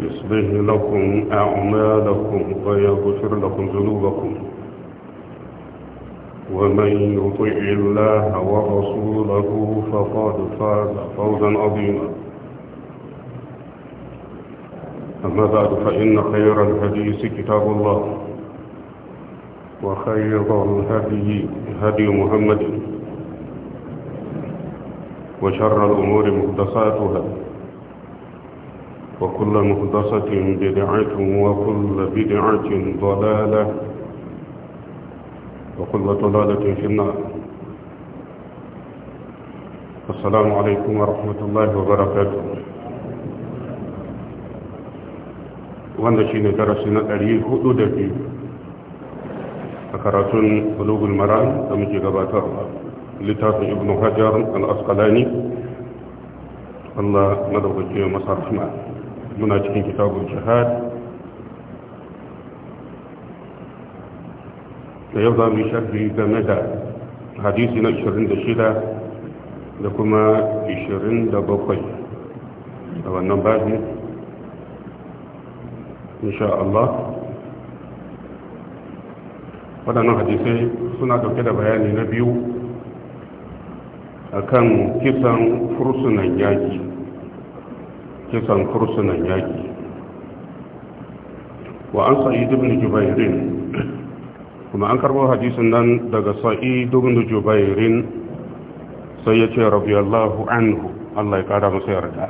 يصلح لكم أعمالكم ويغفر لكم ذنوبكم ومن يطع الله ورسوله فقد فاز فوزا عظيما أما بعد فإن خير الحديث كتاب الله وخير الهدي هدي محمد وشر الأمور محدثاتها وكل مهدسة بدعة وكل بدعة ضلالة وكل ضلالة في النار السلام عليكم ورحمة الله وبركاته wanda shi ne darasi na 402 a karatun bulugul maram da muke gabata. littafin ibn hajar al-asqalani Allah masa muna cikin kitabun jihad da yau za mu yi sharhi game da hadisi na 26 da kuma 27 da wannan bazin insha Allah waɗannan hadisai suna ɗauke da bayani na biyu akan kisan fursunan yaƙi kisan kursunan yaki wa an sa'i ibn jubairin kuma an karbo hadisin nan daga sa'i ibn jubairin sai ya ce Allahu anhu Allah ya kara musu yarda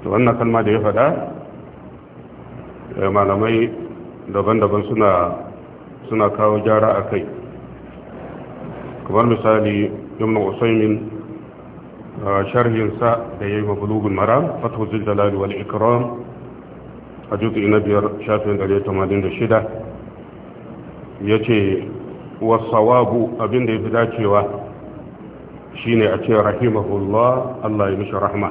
to wannan kalma da ya faɗa eh, malamai daban-daban suna suna kawo jara a kai kamar misali yamma usaimin sharhinsa da ya yi mabulugun maram fatozin jalali wal ikram a jutsu na biyar shafin 186 ya ce wasawabu abinda ya fi dacewa shine a ce rahimahullah Allah ya mishi rahma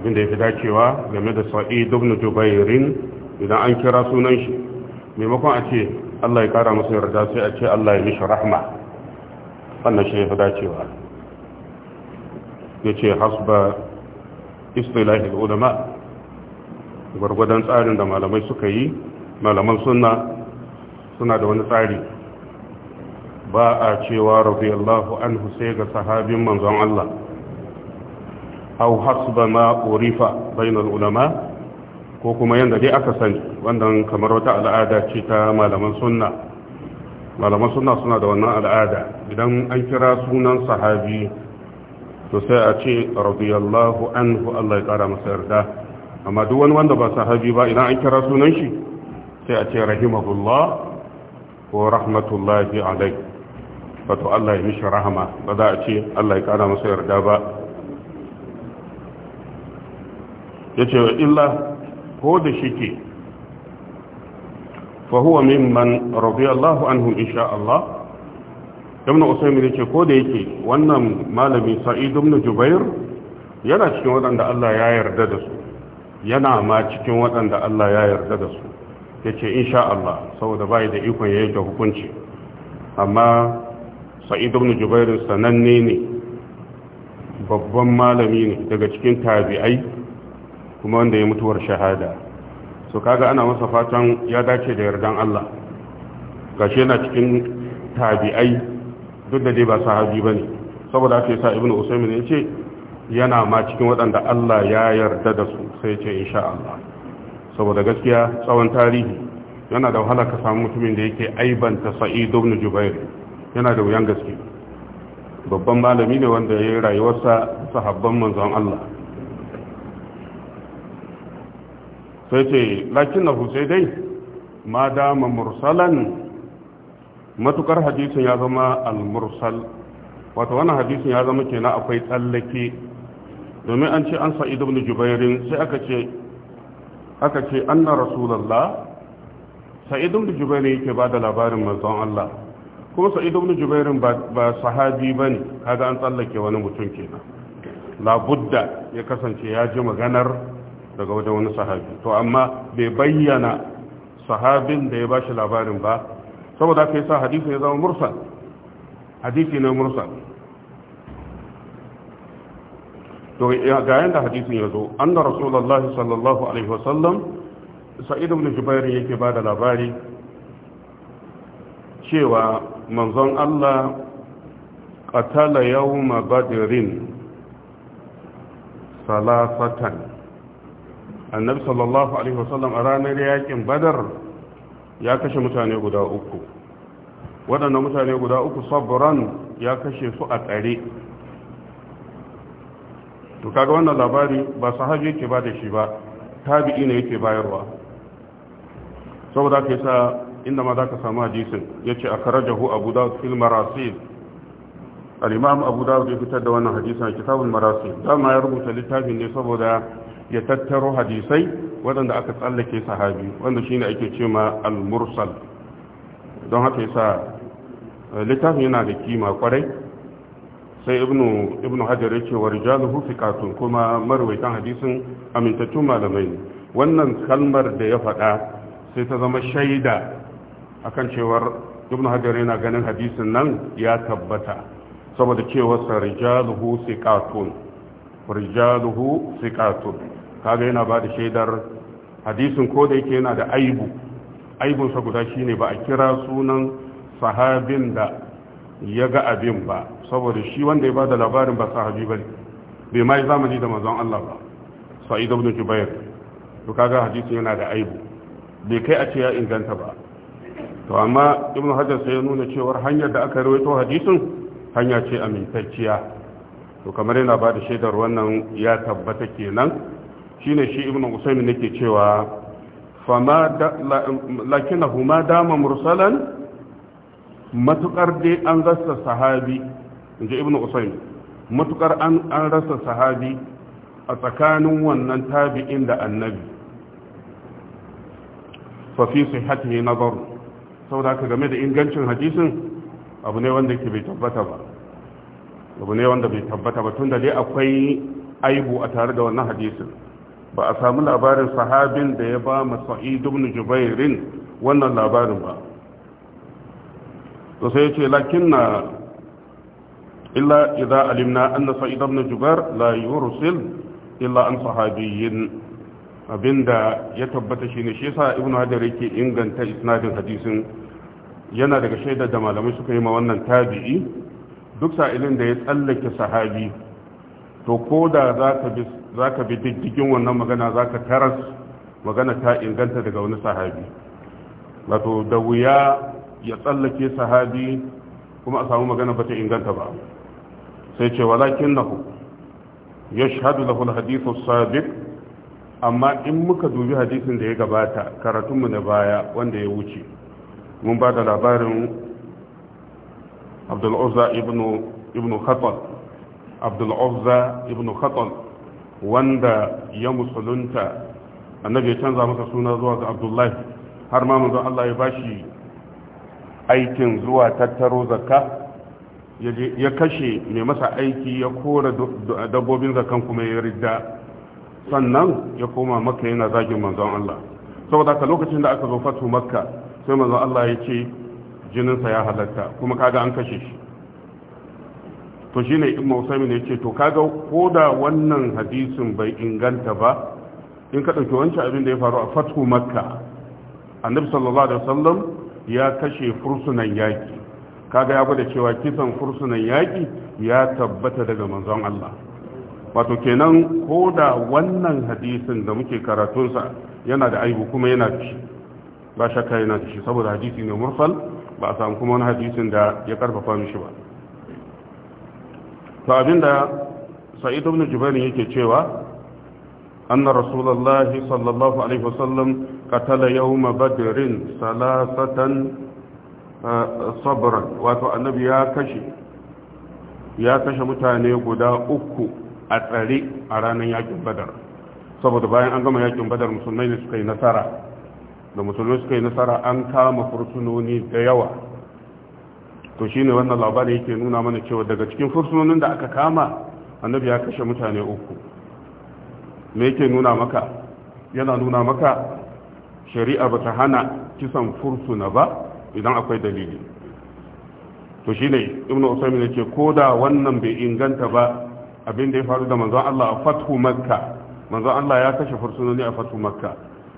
abinda ya fi dacewa game da sa'id ibn jubairin idan an kira sunan shi maimakon a ce Allah ya kara masa yarda sai a ce Allah ya mishi rahma wannan shi ya fi dacewa ya ce hasba istilahi ulama gwargwadon tsarin da malamai suka yi malaman suna suna da wani tsari ba a cewa Allahu an sai ga sahabin manzon Allah Hau hasba ma urifa bainar ulama ko kuma yanda dai aka sani wannan kamar wata al'ada ce ta malaman suna. malaman sunna suna da wannan al'ada idan an kira sunan sahabi to sai a ce radiyallahu anhu Allah ya kara masa yarda amma duk wani wanda ba sahabi ba idan an kira sunan shi sai a ce rahimahullah ko rahmatullahi alai wato Allah ya mishi rahama ba za a ce Allah ya kara masa yarda ba yace illa ko da shike fa huwa mimman radiyallahu anhu insha Allah ibn usaymin yace ko da yake wannan malami sa'id ibn jubair yana cikin waɗanda Allah ya yarda da su yana ma cikin waɗanda Allah ya yarda da su yace insha Allah saboda bai da ikon ya yanke hukunci amma sa'id ibn jubair sananne ne babban malami ne daga cikin tabi'ai kuma wanda ya mutuwar shahada so kaga ana masa fatan ya dace da yardan Allah gashi yana cikin tabi'ai duk da dai ba sahabi ba ne saboda aka yi sa ibn usaimin ya ce yana ma cikin waɗanda Allah ya yarda da su sai ce insha Allah saboda gaskiya tsawon tarihi yana da wahala ka samu mutumin da yake aibanta sa'id ibn jubair yana da wuyan gaske babban malami ne wanda ya yi rayuwarsa sahabban manzon Allah sai ce lakin na sai dai ma dama mursalan matukar hadisin ya zama al-mursal wato wannan hadisin ya zama kenan akwai tsallake domin an ce an sa'id ibn jubairin sai aka ce aka ce anna rasulullah sa'id ibn jubairin yake bada labarin manzon Allah kuma sa'id ibn jubairin ba sahabi bane kaga an tsallake wani mutum kenan labudda ya kasance ya ji maganar daga wajen wani sahabi to amma bai bayyana sahabin da ya bashi labarin ba saboda ka yasa hadisi ya zama mursal hadisi na mursal to ga yanda hadisin ya zo anna rasulullahi sallallahu alaihi wasallam sa'id ibn jubair yake da labari cewa manzon Allah qatala yawma badrin salasatan annabi sallallahu alaihi wasallam a ranar yakin badar ya kashe mutane guda uku waɗanda mutane guda uku sabran ya kashe su a tsare to kaga wannan labari ba sahabi yake ba da shi ba tabi'i ne yake bayarwa saboda kai sa inda ma ka samu hadisin yace akrajahu abu dawud fil marasil al-imam abu dawud ya fitar da wannan hadisin a marasi, marasil dama ya rubuta littafin ne saboda ya tattaro hadisai waɗanda aka tsallake sahabi wanda shine ake ce ma al-mursal don haka yasa eh, littafin yana da kima kwarai sai ibnu ibnu hajar yake wa rijaluhu fiqatun kuma marwaitan hadisin amintattun malamai ne wannan kalmar da ya faɗa sai ta zama shaida akan cewar ibnu hajar yana ganin hadisin nan ya tabbata saboda cewa sa rijaluhu fiqatun rijaluhu siqatun kaga yana ba da shaidar hadisin ko da yake yana da aibu aibun sa guda shine ba a kira sunan sahabin da ya ga abin ba saboda shi wanda ya ba da labarin ba sahabi bane bai mai zamani da mazan Allah ba sa'id ibn jubair to kaga hadisin yana da aibu bai kai a ce ya inganta ba to amma ibn hajar sai ya nuna cewar hanyar da aka rawaito hadisin hanya ce amintacciya to kamar yana ba da shaidar wannan ya tabbata kenan shine shi ibnu usaymin nake cewa lakina lakinahu dama mursalan matukar dai an rasa sahabi inji ibnu matukar an an rasa sahabi a tsakanin wannan tabi'in da annabi fa fi sihhatihi nazar saboda game da ingancin hadisin abu ne wanda ke bai tabbata ba abu ne wanda bai tabbata ba tun da dai akwai aibu a tare da wannan hadisin ba a samu labarin sahabin da ya ba ma sa'id jubairin wannan labarin ba to sai yace na illa idza alimna anna sa'id ibn jubair la yursil illa an sahabiyyin abinda ya tabbata shine shi yasa ibn hajar yake inganta isnadin hadisin yana daga shaidar da malamai suka yi ma wannan tabi'i duk sa'ilin da ya tsallake sahabi to ko da za ka bi diddigin wannan magana za ka taras magana ta inganta daga wani sahabi wato da wuya ya tsallake sahabi kuma a samu magana ba ta inganta ba sai ce walakin ku ya shahadu da hadithu sabiq amma in muka dubi hadisin da ya gabata karatunmu na baya wanda ya wuce mun ba da labarin abdul uzza ibnu ibnu abdul uzza ibnu khatal wanda ya musulunta annabi ya canza masa suna zuwa ga abdullahi har ma manzo Allah ya bashi aikin zuwa tattaro zakka ya kashe mai masa aiki ya kora dabbobin zakan kuma ya ridda sannan ya koma makka yana zagin manzon Allah saboda haka lokacin da aka zo fatu makka sai manzon Allah ya ce jininsa ya halatta kuma kaga an kashe shi to shine mausami ne yace to kaga koda wannan hadisin bai inganta ba in ka dauki wancan abin da ya faru a fatu makka annabi sallallahu alaihi wasallam ya kashe fursunan yaki kaga ya gwada cewa kisan fursunan yaki ya tabbata daga manzon Allah wato kenan koda wannan hadisin da muke karatunsa yana da aibu kuma yana da shi ba shakka yana da shi saboda hadisi ne mursal ba a samu kuma wani hadisin da ya karfafa mishi ba to abinda sa'id ibn jubair yake cewa anna rasulullahi sallallahu alaihi wasallam qatala yawma badrin salasatan eh, sabran wato annabi ya kashe ya kashe mutane guda uku a tsare a ranar yakin badar saboda bayan an gama yakin badar musulmai ne suka yi nasara da musulmi suka yi nasara an kama fursunoni da yawa to shi ne wannan labarai yake nuna mana cewa daga cikin fursunonin da aka kama annabi ya kashe mutane uku me yake nuna maka yana nuna maka shari'a ba ta hana kisan fursuna ba idan akwai dalili to shi ne shine ne ce ko da wannan bai inganta ba abin da ya faru da manzon Allah a fathu makka manzon Allah ya kashe fursunoni a fathu makka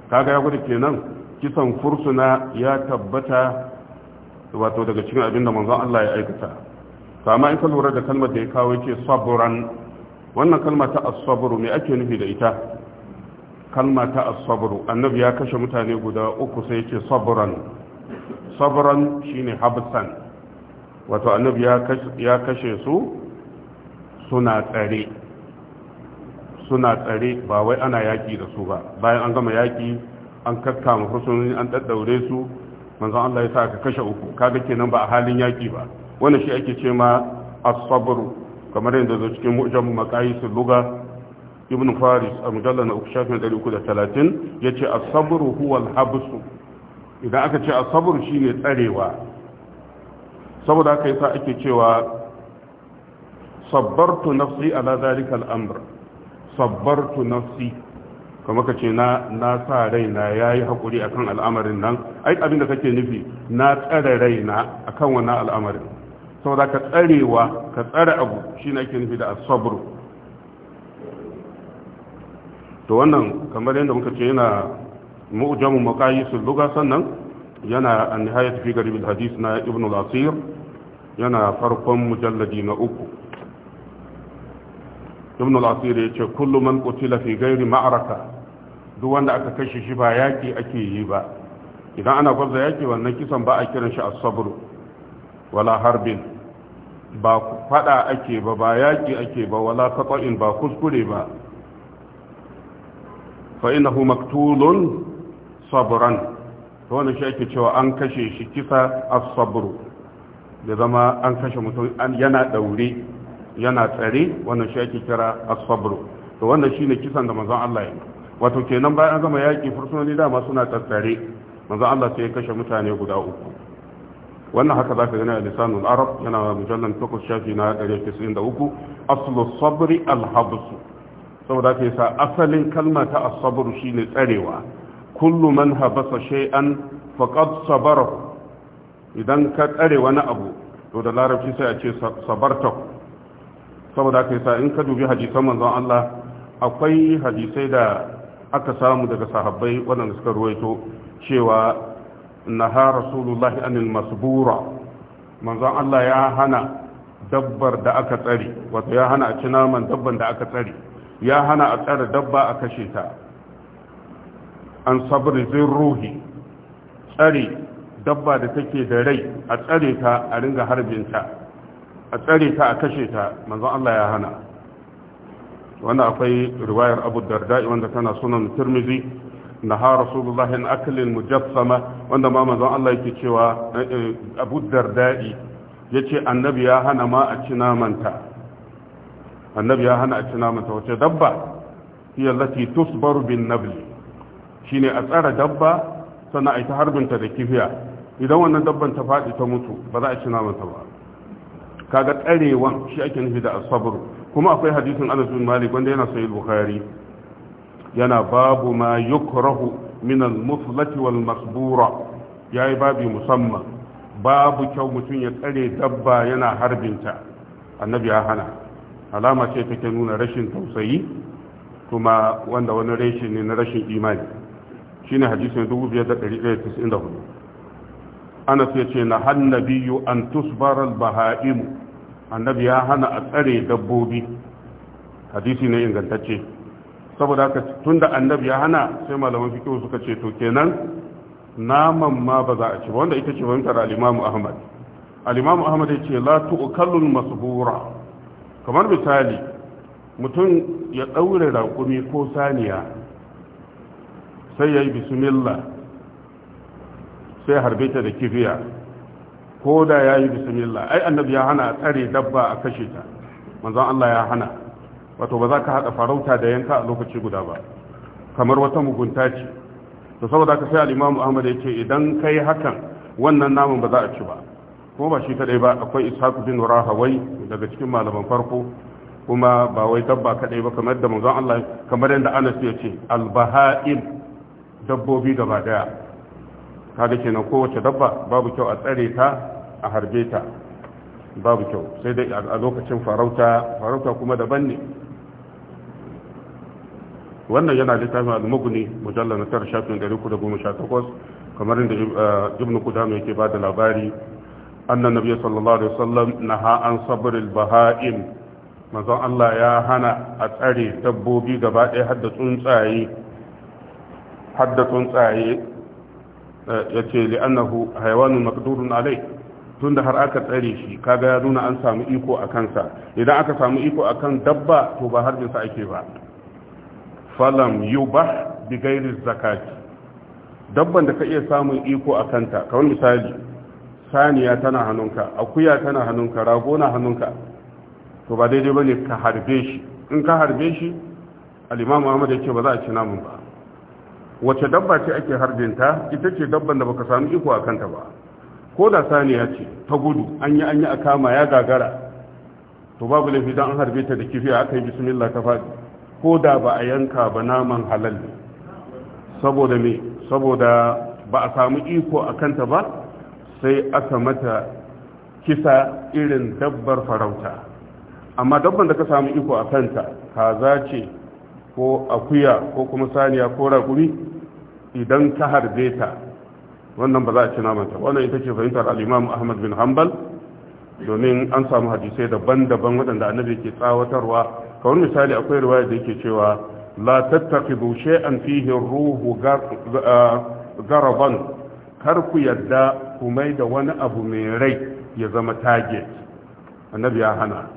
kaga ya gudu kenan kisan fursuna ya tabbata wato daga cikin abinda manzon Allah ya aikata kama in ka lura da kalmar da ya kawo ce sabran wannan kalma ta as-sabru me ake nufi da ita kalma ta as-sabru annabi ya kashe mutane guda uku sai yake ce sabran sabran shine habsan wato annabi ya kashe su suna tsare suna tsare ba wai ana yaki da su ba bayan an gama yaki an kakka fursunoni an daddaure su manzon Allah ya sa ka kashe uku kaga kenan ba a halin yaki ba wannan shi ake ce ma as-sabr kamar yadda zo cikin mu'jamu su lugha ibn faris a mujalla na uku shafin 330 ya ce a huwal habsu idan aka ce a saburu shi tsarewa saboda aka yi sa ake cewa sabbartu nafsi ala zalika al'amur sabbartu nafsi kama ka ce na sa raina ya yi haƙuri a kan al'amarin nan ai abin da kake nufi na tsare raina a kan wannan al'amarin saboda ka tsarewa ka tsare abu shi ne ake nufi da asabru to wannan kamar yadda muka ce yana mu'jamu maqayisul lugha sannan yana an nihayar fi garib al na ibn lasir yana farkon mujalladi na uku ibn lasir ya yace kullu an qutila fi gairi ma'araka. duk wanda aka kashe shi ba yaƙi ake yi ba idan ana gwabza yaƙi wannan kisan ba a kiran shi as-sabr wala harbin ba fada ake ba ba yaƙi ake ba wala qata'in ba kuskure ba fa innahu maktulun sabran to wannan shi ake cewa an kashe shi kisa as-sabr da zama an kashe mutum yana daure yana tsare wannan shi ake kira as-sabr to wannan shine kisan da manzon Allah ya yi wato kenan bayan an gama yaƙi fursunoni dama suna tattare manzo Allah sai ya kashe mutane guda uku wannan haka zaka gani a lisanul arab yana mujallal 8 shafi na 193 aslu sabri al habs saboda kai sa asalin kalma ta as-sabr shine tsarewa kullu man habasa shay'an faqad sabarahu idan ka tsare wani abu to da larabci sai a ce sabartahu saboda kai sa in ka dubi hadisan manzon Allah akwai hadisai da aka samu daga sahabbai waɗanda suka ruwaito cewa naha rasulullahi anil masbura manzon Allah ya hana dabbar da aka tsari. wato ya hana a ci naman dabban da aka tsari. ya hana a tsare dabba a kashe ta an sabri zin ruhi tsare dabba da take da rai a tsare ta a ringa harbin ta. a tsare ta a kashe ta manzon Allah ya hana wannan akwai riwayar abu darda'i wanda tana sunan tirmizi na ha rasulullahi akalin mujassama wanda ma manzon Allah yake cewa eh, eh, abu darda'i yace annabi ya hana ma a ci namanta annabi ya hana a ci namanta wace dabba hiya lati tusbaru bin nabli shine a tsara dabba sannan a ta harbinta da kifiya idan wannan dabban ta faɗi ta mutu ba za a ci namanta ba Ka ga tsarewan shi ake nufi da asabaru kuma akwai hadisin Anas bin Malik wanda yana sahih Bukhari yana babu ma yukrahu min al-muflati wal masbura yayi babu musamman babu kyau mutum ya tsare dabba yana harbinta annabi ya hana alama ce take nuna rashin tausayi kuma wanda wani rashin ne na rashin imani shine hadisin 2194 Anas yace na hannabiyu an tusbara al-baha'imu annabi ya hana a tsare dabbobi hadisi ne ingantacce saboda haka tunda annabi ya hana sai malaman fiqh suka ce to kenan naman ma ba za a ci wanda ita ce fahimtar Alimamu imam Ahmad al Ahmad ya ce la tu'kallu masbura kamar misali mutum ya daure raƙumi ko saniya sai yayi bismillah sai harbe ta da kibiya ko da ya yi bismillah ai annabi ya hana a tsare dabba a kashe ta manzon Allah ya hana wato ba za ka hada farauta da yanka a lokaci guda ba kamar wata mugunta ce to saboda ka sai al-Imam Ahmad ya ce idan kai hakan wannan namun ba za a ci ba kuma ba shi kadai ba akwai Ishaq bin Rahawai daga cikin malaman farko kuma ba wai dabba kadai ba kamar da manzon Allah kamar yadda Anas ya ce al-baha'im dabbobi gaba daya kaga kenan kowace dabba babu kyau a tsare ta a harbe ta babu kyau sai dai a lokacin farauta farauta kuma daban ne wannan yana littafin al ne mujallal na tara shafin 318 kamar inda eh, ibnu qudama yake da labari anna nabiy sallallahu alaihi wasallam naha an sabr al-baha'im manzon Allah ya hana a tsare dabbobi gaba ɗaya hadda tsuntsaye hadda tsuntsaye eh, yace li'annahu hayawanun maqdurun alayhi tunda har aka tsare shi kaga ya nuna an samu iko a kansa idan aka samu iko a kan dabba to ba har jinsa ake ba falam yubah bi gairi zakati dabban da ka iya samun iko a kanta kawai misali saniya tana hannunka akuya tana hannunka rago na hannunka to ba daidai bane ka harbe shi in ka harbe shi al-imamu Ahmad yake ba za a ci namun ba wace dabba ce ake harbinta ita ce dabban da baka samu iko a kanta ba ko da saniya ce ta gudu an yi an yi a kama ya gagara to babu laifi don an harbe ta da kifi a aka yi bismillah ta faɗi ko da ba a yanka ba naman halal ne saboda me saboda ba a samu iko a kanta ba sai aka mata kisa irin dabbar farauta amma dabban da ka samu iko a kanta kaza ce ko akuya ko kuma saniya ko raƙumi idan ka harbe ta wannan ba za a ci namanta wannan ita ce fahimtar al'imamu ahmad bin hanbal domin an samu hadisai daban-daban waɗanda annabi ke tsawatarwa kawai misali akwai riwaya da yake cewa la bushe an fihi ruhu ah, garaban kar ku yadda ku mai da wani abu mai rai ya zama target annabi ya hana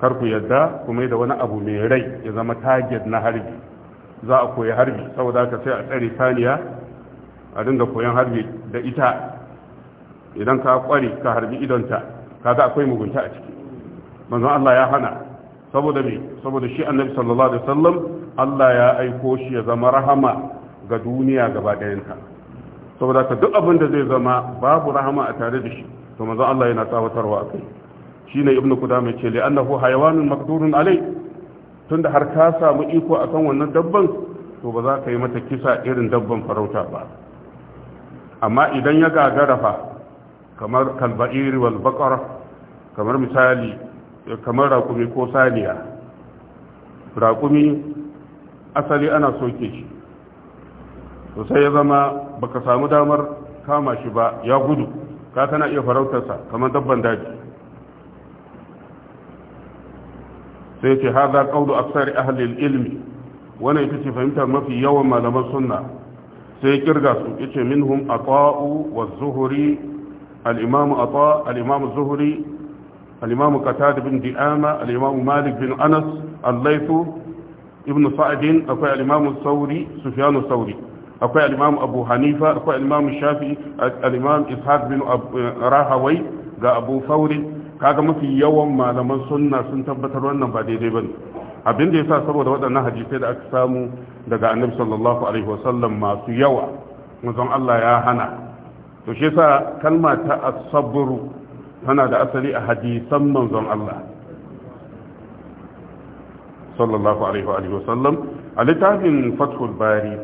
kar ku yadda ku mai da wani abu mai rai ya zama target na harbi za a koyi harbi saboda ka sai a tsare saniya a dinga koyon harbi da ita idan ka kware ka harbi idonta kaga akwai mugunta a ciki manzon Allah ya hana saboda me saboda shi annabi sallallahu alaihi wasallam Allah ya aiko shi ya zama rahama ga duniya gaba ɗayanta saboda ka duk abin da zai zama babu rahama a tare da shi to manzon Allah yana tsawatarwa a kai shine ibnu kudama ce li annahu hayawanun maqdurun alai tunda har ka samu iko akan wannan dabban to ba za ka yi mata kisa irin dabban farauta ba amma idan ya gagara fa kamar kalba'iri wal baqara kamar misali kamar raƙumi ko saniya raƙumi asali ana soke shi to sai ya zama baka samu damar kama shi ba ya gudu ka kana iya farautarsa kamar dabban daji sai ce haza a aksar ahli ilmi wani ita ce fahimtar mafi yawan malaman sunna sai kirga su yace minhum ata'u wa zuhuri al-imam ata al-imam zuhuri al-imam qatada bin di'ama al-imam malik bin anas al-laythu ibn sa'd akwai al-imam sauri sufyan sauri akwai al-imam abu hanifa akwai al-imam shafi al-imam ishaq bin rahawai ga abu fauri kaga mafi yawan malaman sunna sun tabbatar wannan ba daidai bane abin da yasa saboda waɗannan hadisai da aka samu daga annabi sallallahu alaihi wasallam masu yawa manzon Allah ya hana to shi yasa kalma ta asabru tana da asali a hadisan manzon Allah sallallahu alaihi wasallam a littafin fathul bari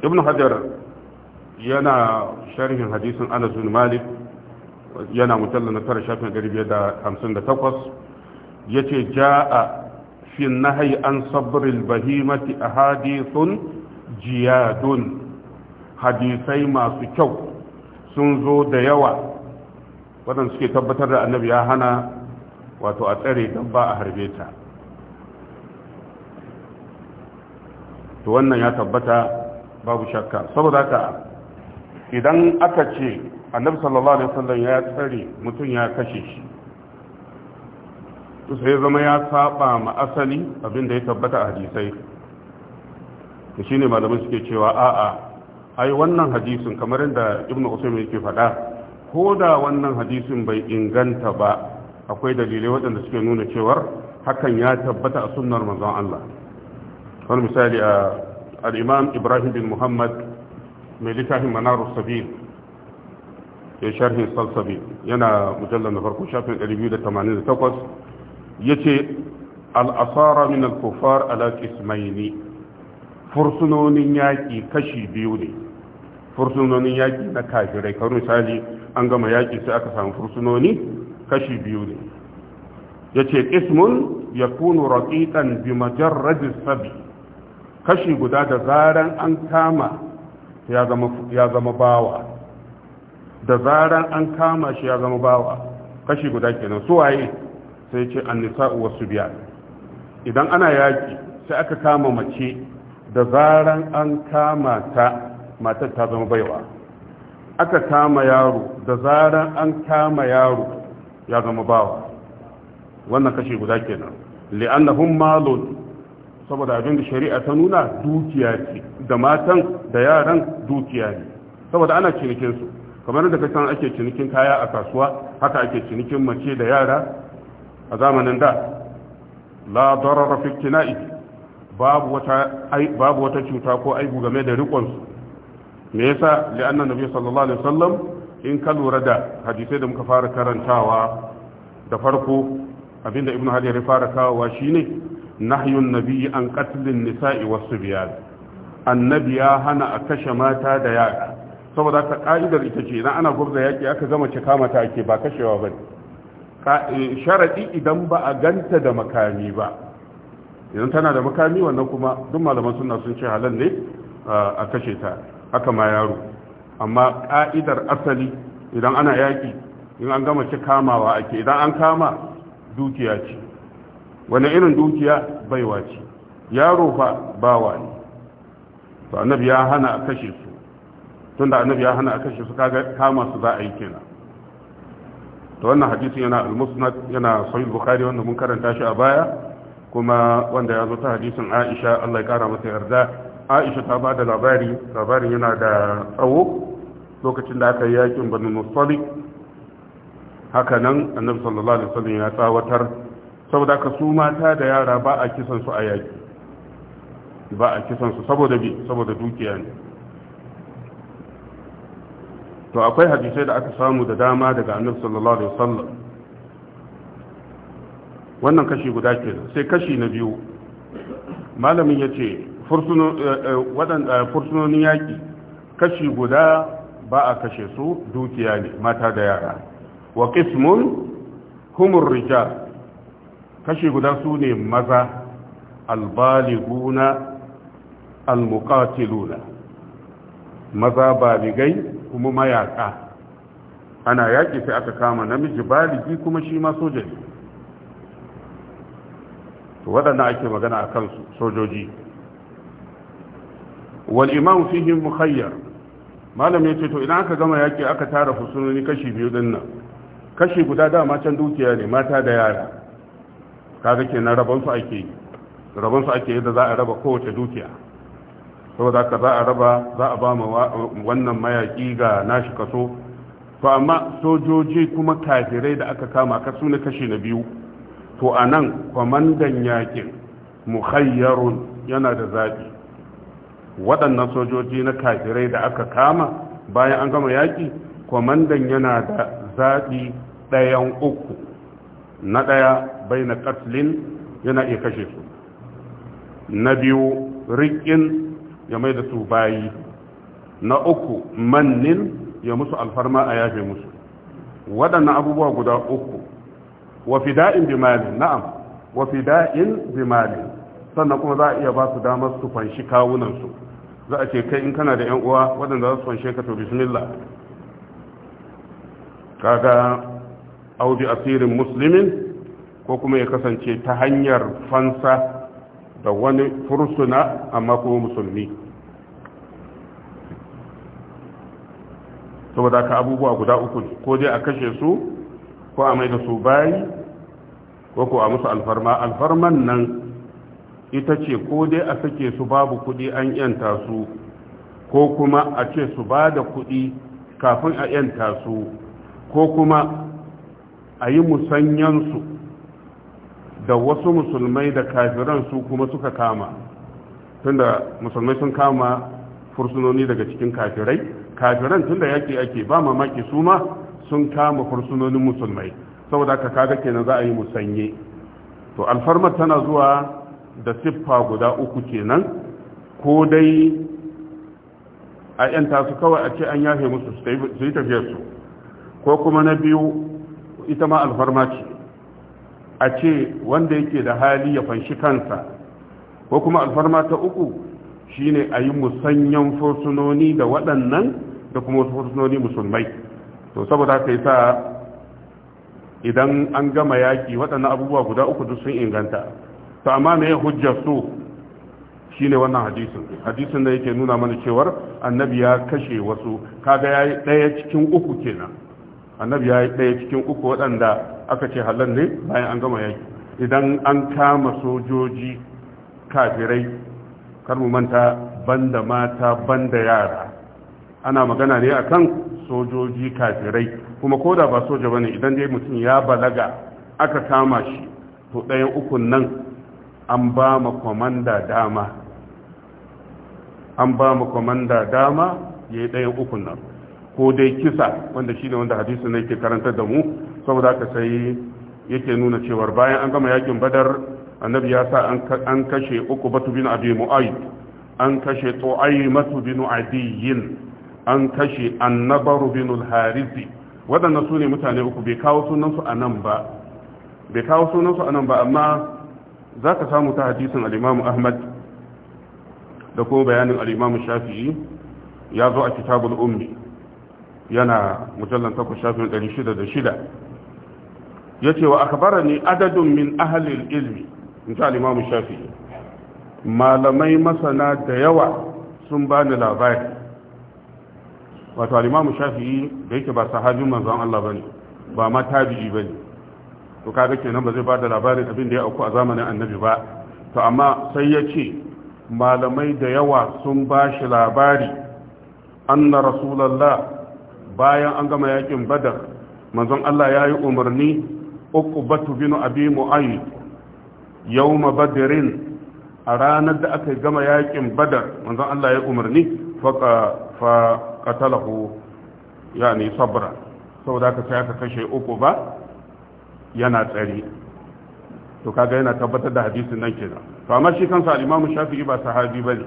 ibn hajar yana sharhin hadisin anas bin malik yana mujalla na tara shafin ɗari biyar da hamsin da takwas ya ce ja'a في النهي عن صبر البهيمة أحاديث جياد حديثي ما سكو سنزو ديوى waɗanda suke tabbatar da annabi ya hana wato a tsare don ba a harbe ta to wannan ya tabbata babu shakka saboda haka idan aka ce annabi sallallahu alaihi wasallam ya tsare mutum ya kashe shi sai zama ya saba ma asali abinda ya tabbata a hadisai da ne malamai suke cewa a'a ai wannan hadisin kamar yadda ibnu usaym yake faɗa ko da wannan hadisin bai inganta ba akwai dalilai waɗanda suke nuna cewar hakan ya tabbata a sunnar manzon Allah wani misali a al-imam Ibrahim bin Muhammad mai littafin manar Sabil ya sharhin Salsabil yana mujallar na farko shafin 288 yace al'asara min al-kufar ala qismaini fursunonin yaki kashi biyu ne fursunonin yaki na kafirai kar misali an gama yaki sai aka samu fursunoni kashi biyu ne yace qismun yakunu raqiqan bi majarrad sabi kashi guda da zaran an kama ya zama ya zama bawa da zaran an kama shi ya zama bawa kashi guda kenan su waye sai ce nisa wasu biya idan ana yaƙi sai aka kama mace da zaran an kama ta matar ta zama baiwa aka kama yaro da zaran an kama yaro ya zama bawa wannan kashe guda kenan li'annahum malun saboda abin da shari'a ta nuna dukiya ce da matan da yaran dukiya ne saboda ana cinikin su kamar da kasan ake cinikin kaya a kasuwa haka ake cinikin mace da yara a zamanin da la darara fi babu wata babu wata cuta ko aibu game da rikon su me yasa li anna nabi sallallahu alaihi wasallam in ka lura da hadisai da muka fara karantawa da farko abinda ibnu hajar ya fara kawowa shine nahyun nabi an qatlin nisa'i wasu annabi ya hana a kashe mata da yaka saboda ka ka'idar ita ce idan ana gurza yaki aka gama cika mata ake ba kashewa bane Eh, sharaɗi idan ba a ganta da makami ba idan tana da makami wannan kuma duk malaman suna sun ce halal ne a kashe ta haka ma yaro amma ƙa'idar asali idan ana yaƙi in an gama ci kamawa ake idan an kama dukiya ce wani irin dukiya baiwa ce yaro fa bawa ne to annabi ya hana a kashe su tunda annabi ya hana a kashe su kaga kama su za a yi kenan Da wannan hadisin yana al-musnad yana sahih bukhari wanda mun karanta shi a baya kuma wanda ya zo ta hadisin Aisha Allah ya kara mata yarda Aisha ta bada labari labarin yana da tsawo lokacin da aka yi yakin Banu hakanan haka nan Annabi sallallahu alaihi wasallam ya tsawatar saboda ka su mata da yara ba a kisan su a yaki ba a kisan su saboda bi saboda dukiya ne to akwai hadisai da aka samu da dama daga annab sallallahu alaihi wasallam wannan kashi guda ke sai kashi na biyu malamin ya ce eh, eh, eh, fursunonin yaƙi kashi guda ba a kashe su dukiya ne mata da yara wa qismun humur rijal kashi guda su ne maza albaliguna almuqatiluna maza baligai kuma mayaka ana yaƙi sai aka kama namiji baligi kuma shi ma soja ne waɗanda ake magana a kan sojoji wal imam fihim mukhayyar malam ya ce to idan aka gama yaƙi aka tara fusunoni kashi biyu din nan kashi guda dama can dukiya ne mata da yara kaga kenan rabon su ake yi rabon su ake yadda za a raba kowace dukiya saboda ka za a raba za a ba wannan mayaki ga nashi kaso to amma sojoji kuma kafirai da aka kama ka su kashi na biyu to anan nan kwamandan yakin mukhayyarun yana da zaɓi waɗannan sojoji na kafirai da aka kama bayan an gama yaƙi kwamandan yana da zaɓi ɗayan uku na ɗaya bai na katlin yana iya kashe su na biyu riƙin ya mai da su bayi na uku mannin ya musu alfarma a yafe musu waɗannan abubuwa guda uku wa fida'in bi na'am wa fida'in bi sannan kuma za a iya ba su damar su fanshi kawunan za a ce kai in kana da yan uwa waɗanda za su fanshe ka to bismillah kaga audi asirin muslimin ko kuma ya kasance ta hanyar fansa da wani fursuna amma kuma musulmi saboda aka abubuwa guda uku ko dai a kashe su ko a mai da su bayi ko ko a musu alfarma alfarman nan ita ce ko dai a sake su babu kuɗi an yanta su ko kuma a ce su ba da kuɗi kafin a yanta su ko kuma a yi musanyansu da wasu musulmai da kafiran su kuma suka kama tunda musulmai sun kama fursunoni daga cikin kafirai kafiran tunda yaki ake ba mamaki su ma sun kama fursunonin musulmai saboda ka kaga kenan za a yi musanye to alfarmar tana zuwa da siffa guda uku kenan ko dai a 'yan su kawai a ce an yafe musu su yi su, ko kuma na biyu ita ma alfarma ce a ce wanda yake da hali ya fanshi kansa ko kuma alfarma ta uku shine a yi musanyen fursunoni da waɗannan da kuma wasu fursunoni musulmai to saboda haka sa idan an gama yaki waɗannan abubuwa guda uku duk sun inganta to amma me hujjar su shine wannan hadisin hadisin da yake nuna mana cewar annabi ya kashe wasu kaga yayi ɗaya cikin uku kenan annabi yayi ɗaya cikin uku waɗanda aka ce halar ne bayan an gama yaki idan an kama sojoji kafirai kar mu manta banda mata banda yara ana magana ne a kan sojoji kafirai kuma ko da ba soja ba ne idan dai mutum ya balaga aka kama shi to ɗayan ukun nan an ba ma kwamanda dama an ba ma kwamanda dama ya yi ɗayan ukun nan ko dai kisa wanda shi ne wanda hadisu na ke karanta da mu saboda aka sai yake nuna cewar bayan an gama yakin badar annabi ya sa an kashe uku batu bin abi mu'ayyid an kashe tsoayi matu bin adiyin an kashe annabaru al harisi waɗanda su ne mutane uku bai kawo sunansu su anan ba bai kawo sunan su anan ba amma za ka samu ta hadisin al-imam ahmad da kuma bayanin al-imam shafi'i ya zo a kitabul ummi yana mujallar takwas shafin 606 ya ce wa akabara adadun adadin min al ilmi in al-imam shafi'i malamai masana da yawa sun bani labari wato alimamu shafi'i da yake ba sahabin manzon Allah bane ba ma tabi'i bane to kaga kenan ba zai ba da labarin abin da ya auku a zamanin annabi ba to amma sai ya ce malamai da yawa sun ba shi labari anna rasulullah bayan an gama yakin badar manzon Allah ya yi umarni uku batu binu abi mu'ayi yau badrin a ranar da aka gama yakin badar manzon Allah ya umarni fa qatalahu yani sabra da haka sai aka kashe uku ba yana tsari to kaga yana tabbatar da hadisin nan kenan to amma shi kansa al Shafi'i ba sahabi bane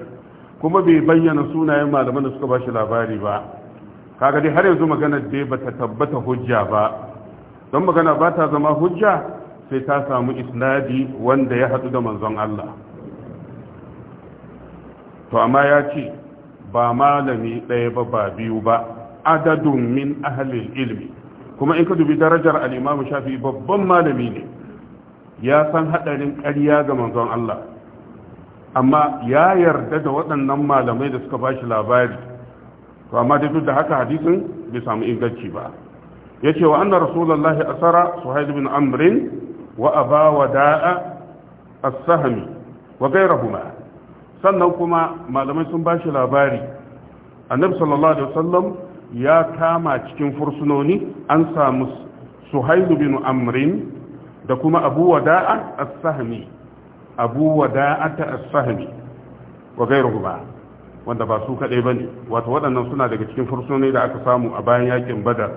kuma bai bayyana sunayen malaman da suka ba shi labari ba kaga dai har yanzu magana dai ta tabbata hujja ba don magana ba ta zama hujja sai ta samu isnadi wanda ya hadu da manzon Allah to amma ya ce ba malami ɗaya ba ba biyu ba adadun min ahalin ilmi kuma in ka dubi darajar al'imamu shafi babban malami ne ya san haɗarin ƙarya ga manzon Allah amma ya yarda da waɗannan malamai da suka bashi labari to amma da duk da haka hadisin bai samu inganci ba ya ce wa annar rasulullahi asara suhail bin amrin wa aba da'a as-sahmi wa ghayrahuma sannan kuma malamai sun ba shi labari annabi sallallahu alaihi wasallam ya kama cikin fursunoni an samu suhailu bin amrin da kuma abu wada'a as-sahmi abu wada'a as-sahmi wa gairu ba wanda ba su kadai bane wato waɗannan suna daga cikin fursunoni da aka samu a bayan yakin badar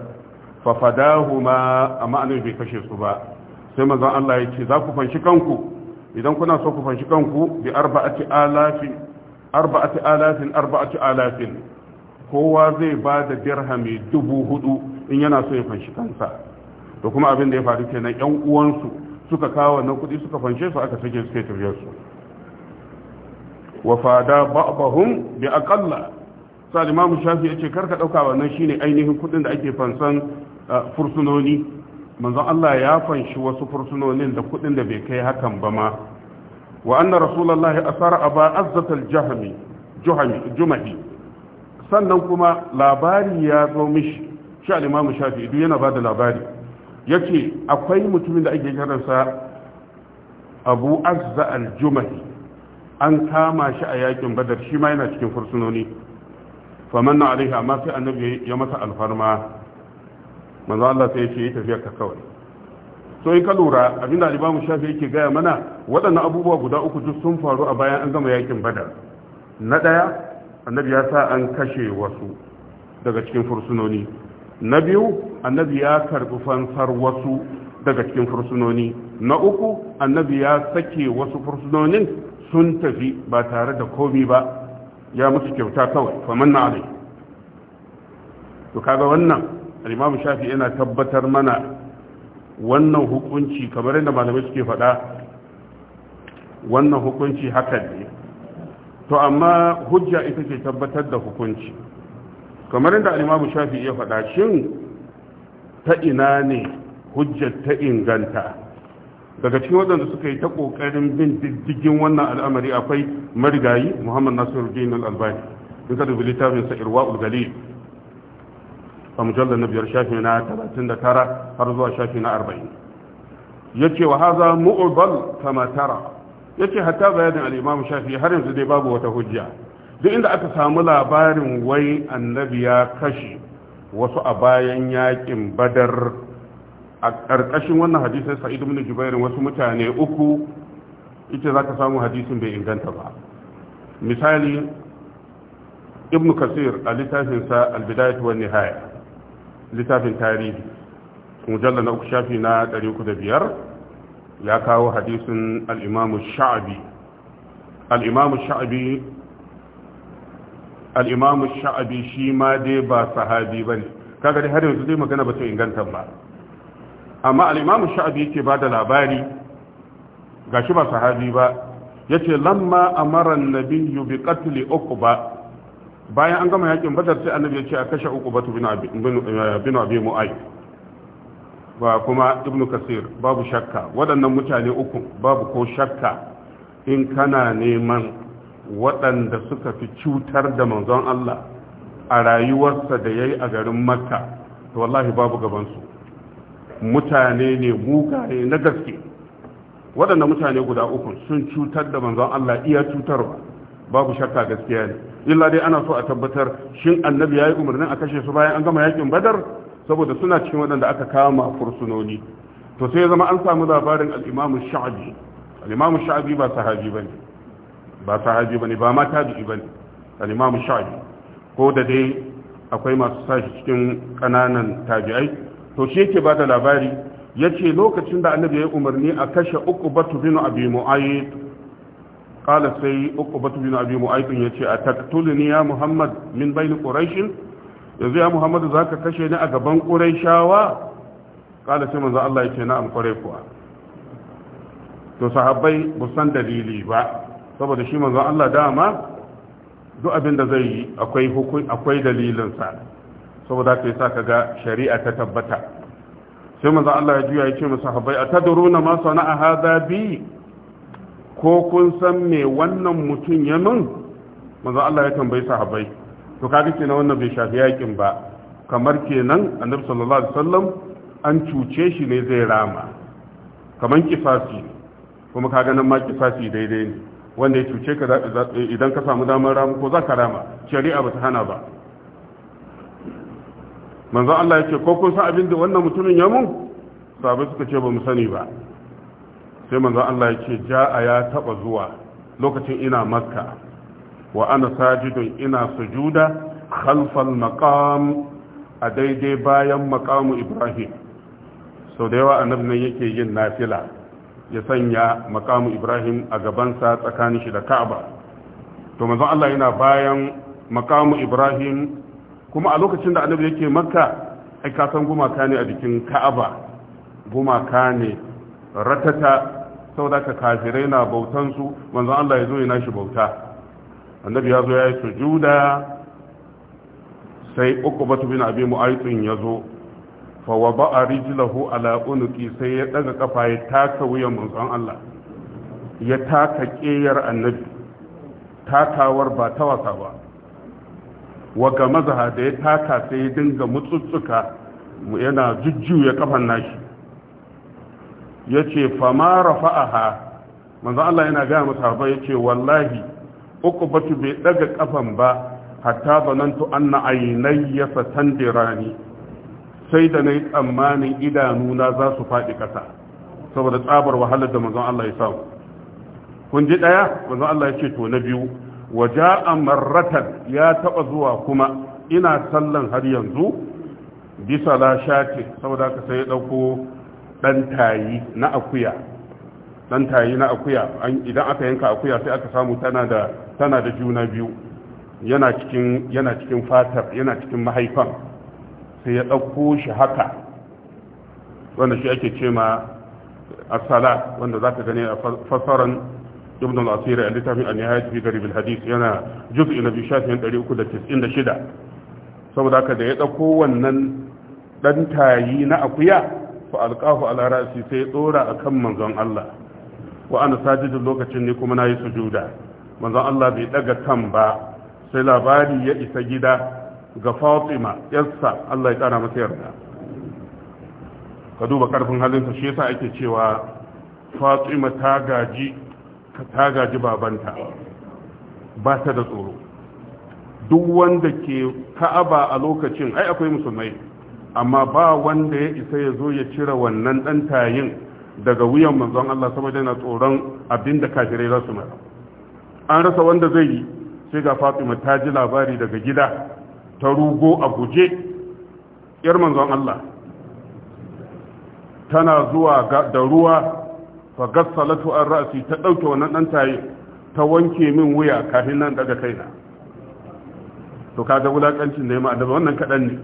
fa fadahuma amma annabi bai kashe su ba sai manzon Allah ya ce za ku fanshi kanku idan kuna so ku fanshi kanku bi arba'ati alafin arba'ati alafin arba'ati alafin kowa zai ba da dirhami dubu hudu in yana so ya fanshi kansa To kuma abin da ya faru kenan yan uwansu suka kawo wannan kuɗi suka fanshe su aka sake suke tafiyar su wa fada ba'dahum bi aqalla sai imamu shafi yace karka dauka wannan shine ainihin kuɗin da ake fansan ah, fursunoni manzon Allah ya fanshi wasu fursunonin da kudin da bai kai hakan ba ma wa anna rasulullahi asara aba azzat jahmi juhami jumahi sannan kuma labari ya zo mishi shi al-imamu shafi'i duk yana bada labari yace akwai mutumin da ake karansa abu azza al-jumahi an kama shi a yakin badar shi ma yana cikin fursunoni famanna alaiha amma sai annabi ya masa alfarma manzo Allah sai ya ce yi tafiyar ka kawai so in ka lura abin da alibamu shafi yake gaya mana waɗannan abubuwa guda uku duk sun faru a bayan an gama yakin badar na ɗaya annabi ya sa an kashe wasu daga cikin fursunoni na biyu annabi ya karɓi fansar wasu daga cikin fursunoni na uku annabi ya sake wasu fursunonin sun tafi ba tare da komi ba ya musu kyauta kawai faman na alai to kaga wannan al-imam shafi yana tabbatar mana wannan hukunci kamar yadda malamai suke faɗa wannan hukunci haka ne to amma hujja ita ce tabbatar da hukunci kamar yadda al-imam shafi ya faɗa shin ta ina ne hujjar ta inganta daga cikin waɗanda suka yi ta ƙoƙarin bin diddigin wannan al'amari akwai marigayi muhammad Nasiru al-albani in ka dubi littafin sa irwa ulgali a mujallar na biyar shafi na 39 har zuwa shafi na 40 yace ce wa haza mu'ubal kama tara yace hatta bayanin al'imamu shafi har yanzu dai babu wata hujja duk inda aka samu labarin wai annabi ya kashe wasu a bayan yakin badar a ƙarƙashin wannan hadisin sa'id ibn jubair wasu mutane uku ita zaka samu hadisin bai inganta ba misali ibn kasir a littafinsa al-bidayah wa nihaya littafin tarihi mujalla na uku shafi na 305 ya kawo hadisin al'imamu sha'abi al'imamu sha'abi al'imamu sha'abi shi ma dai ba sahabi ba ne kaga dai har yanzu dai magana ba ta inganta ba amma al'imamu sha'abi yake ba da labari ga shi ba sahabi ba ya ce lamma amaran nabiyu bi katli uku ba bayan an gama yakin badar sai annabi ya ce a kashe uku batu bin abi mu'ayi ba kuma ibnu kasir babu shakka waɗannan mutane uku babu ko shakka in kana neman waɗanda suka fi cutar da manzon Allah a rayuwarsa da ya yi a garin makka to wallahi babu gabansu mutane ne mugaye na gaske waɗannan mutane guda uku sun cutar da manzon Allah iya cutarwa babu shakka gaskiya ne illa dai ana so a tabbatar shin annabi ya yi umarnin a kashe su bayan an gama yakin badar saboda suna cikin waɗanda aka kama fursunoni to sai ya zama an samu labarin al'imamu sha'abi al'imamu sha'abi ba sahabi ne ba sahabi bane ba ma ba ne al'imamu sha'abi ko da dai akwai masu sashi cikin ƙananan tabi'ai to shi yake ba da labari yace lokacin da annabi ya yi umarni a kashe uku batu binu abi mu'ayyid qala sai uqbatu bin abi mu'ayth yace ataktulni ya muhammad min bayn quraish yanzu ya za ka kashe ni a gaban quraishawa qala sai manzo Allah yace na'am kwarai kuwa to sahabbai ba san dalili ba saboda shi manzo Allah dama duk abin da zai yi akwai hukun akwai dalilin sa saboda kai sa kaga shari'a ta tabbata sai manzo Allah ya juya yace a sahabbai atadruna ma sana'a hadha bi ko kun san me wannan mutum ya nun manzo Allah ya tambayi sahabbai to kaga kenan wannan bai shafi yakin ba kamar kenan annabi sallallahu alaihi wasallam an cuce shi ne zai rama kamar kifasi kuma kaga nan ma kifasi daidai ne wanda ya cuce ka idan ka samu damar rama ko za ka rama shari'a ba ta hana ba manzo Allah ya ce ko kun san abin da wannan mutumin ya mun sahabbai suka ce ba mu sani ba sai manzon Allah yake ja'a ya taba zuwa lokacin ina makka wa ana sajidun ina sujuda khalfal maqam a daidai bayan maqamu ibrahim sau da yawa annabi ne yake yin nafila ya sanya maqamu ibrahim a gabansa tsakanin shi da ka'aba to manzo Allah yana bayan maqamu ibrahim kuma a lokacin da annabi yake makka ai ka san gumaka ne a jikin ka'aba gumaka ne ratata saboda ka kafirai na bautan su manzo Allah ya zo ya nashi bauta annabi ya zo ya yi sujuda sai uku batu bin abi mu'aytin ya zo fa wada'a rijlahu ala unqi sai ya daga kafa ya taka wuyan manzo Allah ya taka ƙeyar annabi takawar ba ta wasa ba wa ga mazaha da ya taka sai ya dinga mutsutsuka yana jujjuya kafan nashi ya ce fama rafa'aha manzo Allah yana gaya masa harba ya ce wallahi uku batu bai daga kafan ba hatta zanantu anna ainayya satandirani sai da nayi tsammanin idanuna za su faɗi ƙasa saboda tsabar wahalar da manzan Allah ya samu kun ji ɗaya, manzon Allah ya ce to na biyu a marratan ya taɓa zuwa kuma ina sallan har yanzu bisa la saboda ka sai ya ɗauko. ɗan tayi na akuya ɗan tayi na akuya idan aka yanka akuya sai aka samu tana da tana da juna biyu yana cikin yana cikin fatar yana cikin mahaifan sai ya ɗauko shi haka wanda shi ake ce ma asala wanda za ka gani a fasaran ibn al-asiri a littafin an yahya fi garib al-hadith yana juz'i na biyu shafin 396 saboda haka da ya ɗauko wannan ɗan tayi na akuya fa alqahu ala ra'si sai dora akan manzon Allah wa ana sajidu lokacin ne kuma nayi sujuda manzon Allah bai daga kan ba sai labari ya isa gida ga Fatima yarsa Allah ya kara masa yarda ka duba karfin halinsa shi yasa ake cewa Fatima ta gaji ta gaji babanta ba ta da tsoro duk wanda ke ka'aba a lokacin ai akwai musulmai amma ba wanda ya isa ya zo ya cire wannan dantayen tayin daga wuyan manzon Allah saboda yana tsoron abin da kafirai za su mara an rasa wanda zai yi sai ga fatima ta ji labari daga gida ta rugo a guje yar manzon Allah tana zuwa da ruwa fa gassalatu an ra'si ta dauke wannan dan tayi ta wanke min wuya kafin nan daga kaina to kaga wulakancin da ya ma wannan kadan ne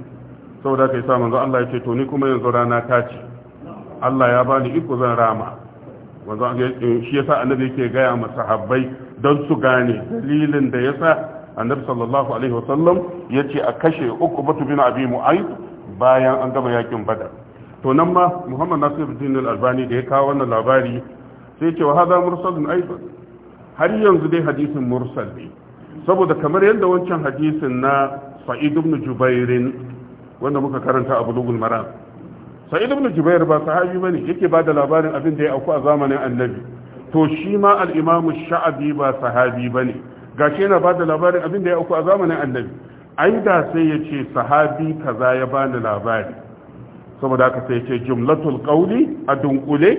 saboda kai sa manzo Allah ya ce to ni kuma yanzu rana ta ce Allah ya bani iko zan rama manzo shi yasa annabi yake gaya ma sahabbai don su gane dalilin da yasa annabi sallallahu alaihi wasallam yace a kashe uku bin abi mu'ayyid bayan an gama yakin badar to nan ma muhammad nasiruddin al-albani da ya kawo wannan labari sai ce wa hadha mursalun aidan har yanzu dai hadisin mursal ne saboda kamar yadda wancan hadisin na sa'id ibn jubairin wanda muka karanta a bulugul maram sa'id ibn jubair ba sahabi bane yake bada labarin abin da ya auku a zamanin annabi to shi ma al-imam sha'abi ba sahabi bane gashi yana bada labarin abin da ya auku a zamanin annabi ai da sai ya ce sahabi kaza ya bani labari saboda haka sai ya ce jumlatul qawli a dunkule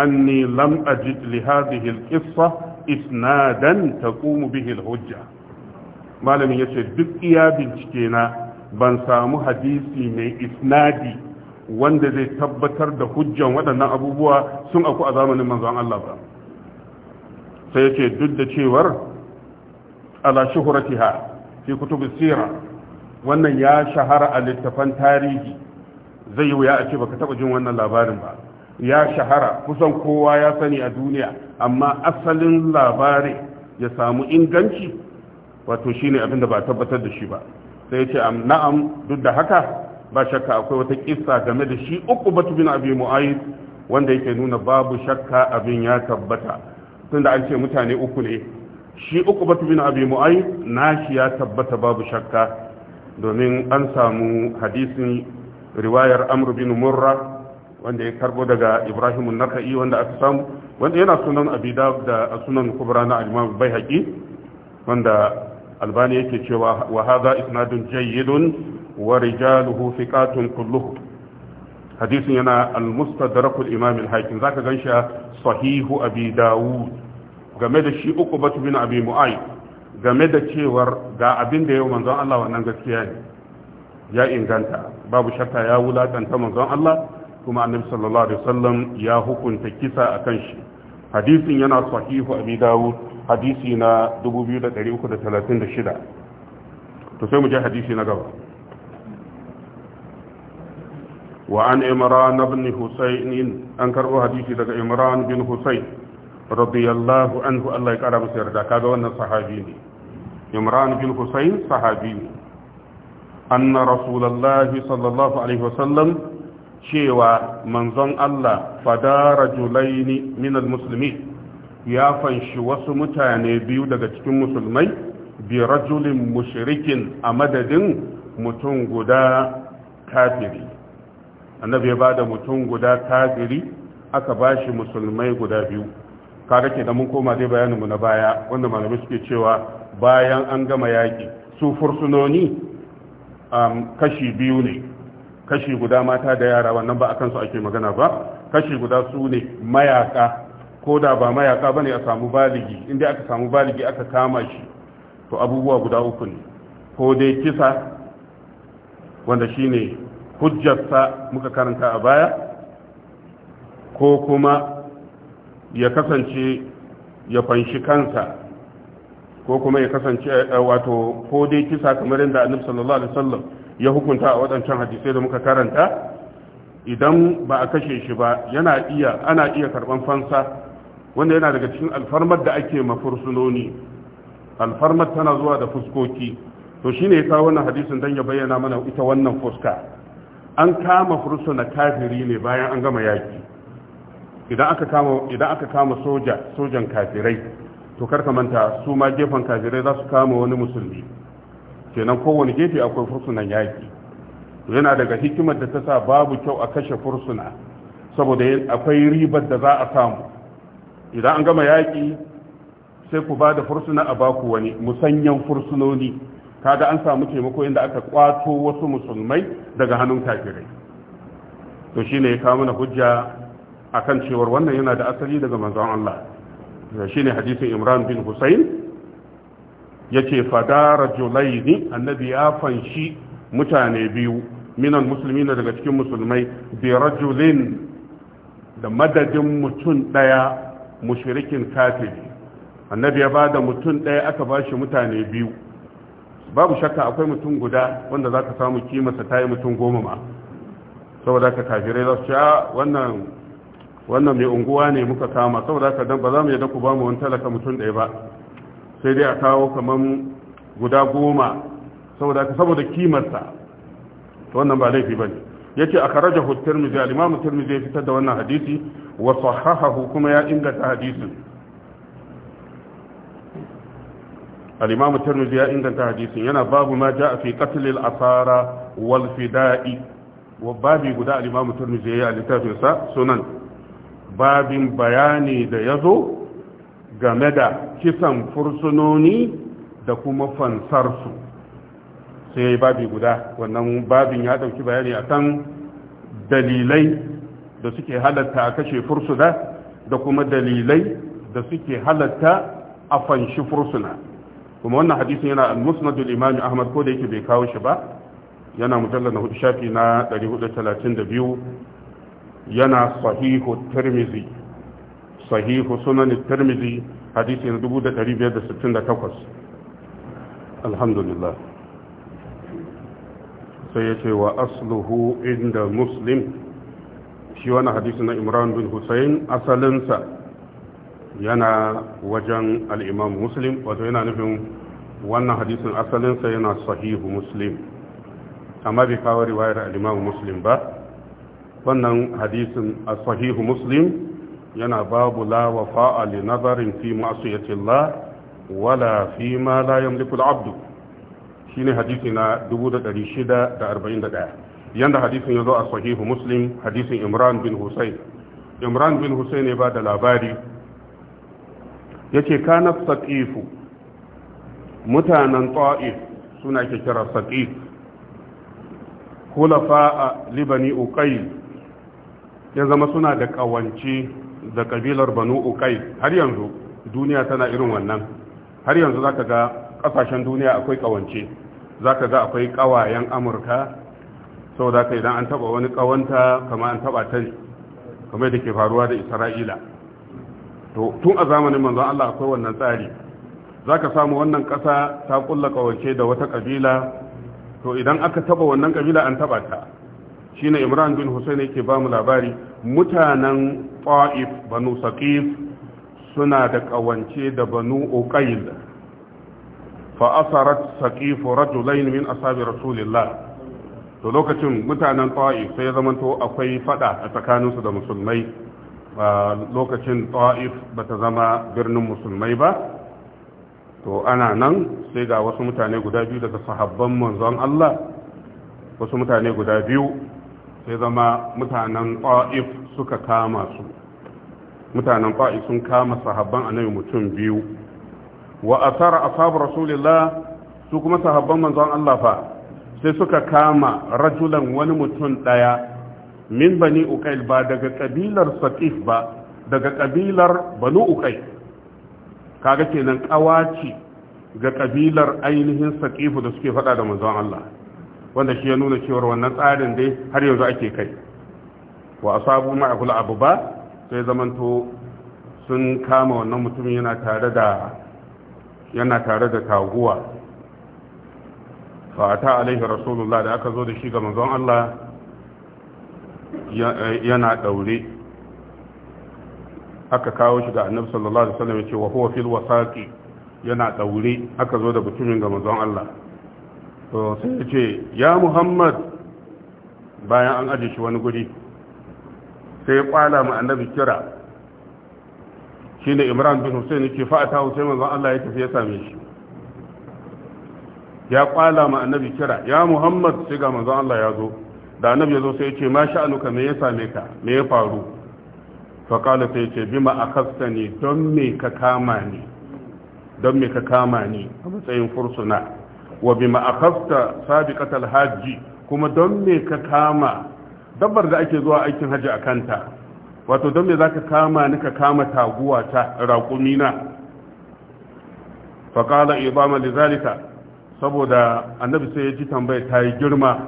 anni lam ajid li hadhihi al-qissa isnadan taqumu bihi al-hujja malamin yace duk iya bincike na ban samu hadisi mai isnadi wanda zai tabbatar da hujjan waɗannan abubuwa sun aku a zamanin manzon Allah ba sai yace duk da cewar ala shuhratiha fi kutubis sira wannan ya shahara a littafan tarihi zai wuya a ce baka taba jin wannan labarin ba ya shahara kusan kowa ya sani a duniya amma asalin labari ya samu inganci wato shine abin da ba tabbatar da shi ba sai ce am na'am duk da haka ba shakka akwai wata kissa game da shi uku batu bin abi mu'ayyid wanda yake nuna babu shakka abin ya tabbata tunda an ce mutane uku ne shi uku batu bin abi mu'ayyid nashi ya tabbata babu shakka domin an samu hadisin riwayar amr bin murra wanda ya karbo daga ibrahim naka'i wanda aka samu wanda yana sunan abi da sunan kubra na al-imam wanda albani yake cewa wa hadha isnadun jayyidun wa rijaluhu thiqatun kulluhu hadisin yana al-mustadrak al-imam al-hakim zaka ganshi sahihu abi dawud game da shi uku batu bin abi mu'ay game da cewar ga abin da yau manzon Allah wannan gaskiya ne ya inganta babu shakka ya wulakanta manzon Allah kuma annabi sallallahu alaihi wasallam ya hukunta kisa akan shi hadisin yana sahihu abi hadisi na 2336 to sai mu je hadisi na gaba وعن عمران بن حسين أن كربو حديث دك عمران بن حسين رضي الله عنه الله يكرم سيردا كذا وانا صحابيني عمران بن حسين صحابيني أن رسول الله صلى الله عليه وسلم شيوا منظم الله فدار رجلين من المسلمين ya fanshi wasu mutane biyu daga cikin musulmai bi rajulin mushrikin a madadin mutum guda kafiri annabi ya ba da mutum guda kafiri aka ba shi musulmai guda biyu kaga ke da mun koma dai bayanin mu na baya wanda malamai suke cewa bayan an gama yaki su fursunoni um, kashi biyu ne kashi guda mata da yara wannan ba a kansu ake magana ba kashi guda su ne mayaka ko da ba mayaka bane a samu baligi inda aka samu baligi aka kama shi to abubuwa guda uku ne ko dai kisa wanda shine hujjarsa muka karanta a baya ko kuma ya kasance ya fanshi kansa ko kuma ya kasance eh, wato ko dai kisa kamar yadda annabi sallallahu alaihi wasallam ya hukunta a wadancan hadisai da muka karanta idan ba a kashe shi ba yana iya ana iya karban fansa wanda yana daga cikin alfarmar da ake mafursunoni alfarmar tana zuwa da fuskoki to shine ya wannan hadisin dan ya bayyana mana ita wannan fuska an kama fursuna kafiri ne bayan an gama yaki idan aka kama idan aka kama soja sojan kafirai to karka manta su ma gefen kafirai za su kama wani musulmi kenan kowane gefe akwai fursunan yaki yana daga hikimar da ta sa babu kyau a kashe fursuna saboda akwai ribar da za a samu idan an gama yaƙi sai ku ba da fursuna a baku wani musanyan fursunoni kaga an samu taimako inda aka kwato wasu musulmai daga hannun kafirai to shi ne ya kawo mana hujja a kan cewar wannan yana da asali daga manzon Allah Shi ne hadisin Imran bin Husayn yace julai rajulaini annabi ya fanshi mutane biyu minan na daga cikin musulmai bi rajulin da madadin mutum ɗaya. Mushirikin kafir annabi ya bada mutum ɗaya aka bashi mutane biyu babu shakka akwai mutum guda wanda zaka samu kimarsa ta yi mutum goma ma saboda ka kafirai za su ce wannan wannan mai unguwa ne muka kama saboda ka dan ba za mu yadda ku ba mu wani talaka mutum ɗaya ba sai dai a kawo kaman guda goma saboda saboda kimarsa wannan ba laifi ba ne yace akhrajahu at-tirmidhi al-imam tirmidhi ya fitar da wannan hadisi wa sahahahu kuma ya inganta hadisin al-imam tirmidhi ya inganta hadisin yana babu ma jaa fi qatl al-asara wal fida'i wa babi guda al-imam tirmidhi ya littafin sa sunan babin bayani da yazo game da kisan fursunoni da kuma fansarsu sai ya yi babi guda wannan babin ya ɗauki bayani a kan dalilai da suke halatta a kashe fursuna da kuma dalilai da suke halatta a fanshi fursuna kuma wannan hadisin yana al-musnadul imami ahmad ko da yake bai kawo shi ba yana mujallar na hudu shafi na 432 yana sahihu tirmizi sahihu sunan tirmizi hadisi na 1568 alhamdulillah sai ya ce wa asluhu inda muslim shi wani hadisi na imran bin hussein asalinsa yana wajen al'imam muslim wato yana nufin wannan hadisin asalinsa yana sahihu muslim amma bai kawo riwayar al'imam muslim ba wannan hadisin a sahihu muslim yana babu la fa'ali li nazarin fi masu yatilla wala fi ma la yamliku abdu. shine hadisi na 641 yanda hadisin ya zo a sahihu muslim hadisin imran bin husayn imran bin husayn ya ba da labari yace kana saƙifu mutanen ta'if suna ke kira Kulafa a libani okai. ya zama suna da ƙawance da ƙabilar banu uqayl har yanzu duniya tana irin wannan har yanzu za ka ga ƙasashen duniya akwai ƙawance. za ka ga akwai ƙawayen amurka saboda ka idan an taba wani ƙawanta kama an taba ta kamar da ke faruwa da isra'ila to tun a zamanin manzan allah akwai wannan tsari za ka samu wannan ƙasa ta ƙulla ƙawance da wata ƙabila to idan aka taba wannan ƙabila an taba ta Shi ne imran bin husayn yake ba mu labari mutanen ƙwa'if banu saqif suna da ƙawance da banu uqayl سقيف رجلين من أصحاب رسول rasulillah to lokacin mutanen ta'if sai zamanto akwai fada a tsakaninsu da musulmai lokacin ta'if ta zama birnin musulmai ba to ana nan sai ga wasu mutane guda biyu daga sahabban manzon Allah wasu mutane guda biyu sai zama mutanen ta'if suka kama su mutanen ta'if sun kama sahabban annabi mutum biyu wa asara asabu rasulillah su kuma sahabban manzon Allah fa sai suka kama rajulan wani mutum daya min bani uqail ba daga kabilar saqif ba daga kabilar banu uqail kaga kenan kawaci ga kabilar ainihin saqif da suke fada da manzon Allah wanda shi ya nuna cewa wannan tsarin dai har yanzu ake kai wa asabu ma'akul abu ba sai zamanto sun kama wannan mutumin yana tare da yana tare da taguwa fa ta alaihi rasulullah da aka zo da shi ga manzon Allah yana daure aka kawo shi ga annabi sallallahu alaihi wasallam yace wa huwa fil wasaqi yana daure aka zo da mutumin ga manzon Allah to sai yace ya Muhammad bayan an aje shi wani guri sai ya kwala mu annabi kira shi ne imran bin hussein yake fa'ata hussein manzon Allah ya tafi ya same shi ya kwala ma annabi kira ya muhammad sai ga manzon Allah ya zo da annabi ya zo sai ya ce ma sha'anuka me ya same ka me ya faru fa qala sai ya ce bima akhastani don me ka kama ni don me ka kama ni a matsayin fursuna wa bima akhasta sabiqatal hajji kuma don me ka kama dabbar da ake zuwa aikin haji akanta wato don me za ka kama ni ka kama taguwa ta Raƙumi raƙumina faƙala ibama lizalika saboda annabi sai ya ji tambaya ta yi girma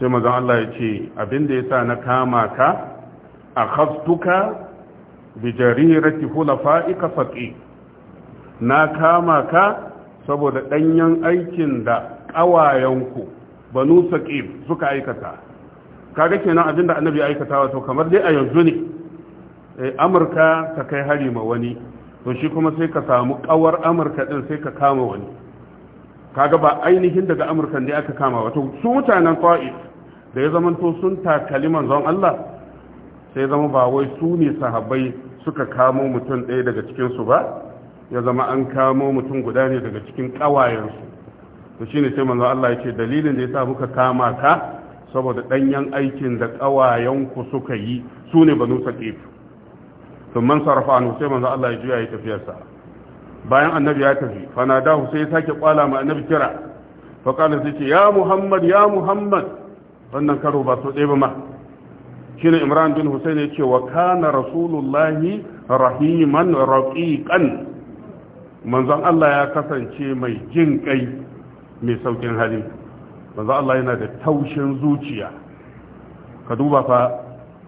sai mazan Allah ya ce abinda ya sa na kama ka a haftuka bi jarirati hulafa'ika faƙi na kama ka saboda ɗanyen aikin da ƙawayenku banu saƙi suka aikata kaga kenan abin da annabi ya aikata kamar dai a yanzu ne eh, amurka ta kai hari ma wani to shi kuma sai ka samu kawar amurka din sai ka kama wani kaga ba ainihin daga amurka ne aka kama wato su mutanen qa'id da ya to sun takali manzon Allah sai zama ba wai su ne sahabbai suka kamo mutum ɗaya daga cikin su ba ya zama an kamo mutum guda ne daga cikin kawayensu to shine sai manzon Allah ya ce dalilin da yasa muka kama ka saboda ɗanyen aikin da ƙawayenku suka yi su ne banu saƙif sun man sarrafa anu sai manzo Allah ya juya ya tafiyarsa bayan annabi ya tafi fana dahu sai ya sake kwala ma annabi kira faƙalin sai ce ya muhammad ya muhammad wannan karo ba so ɗaya ba ma shi ne imran bin husain ya ce wa kana rasulullahi rahiman raƙiƙan manzon Allah ya kasance mai jin kai mai saukin hali manzo Allah yana da taushin zuciya ka duba fa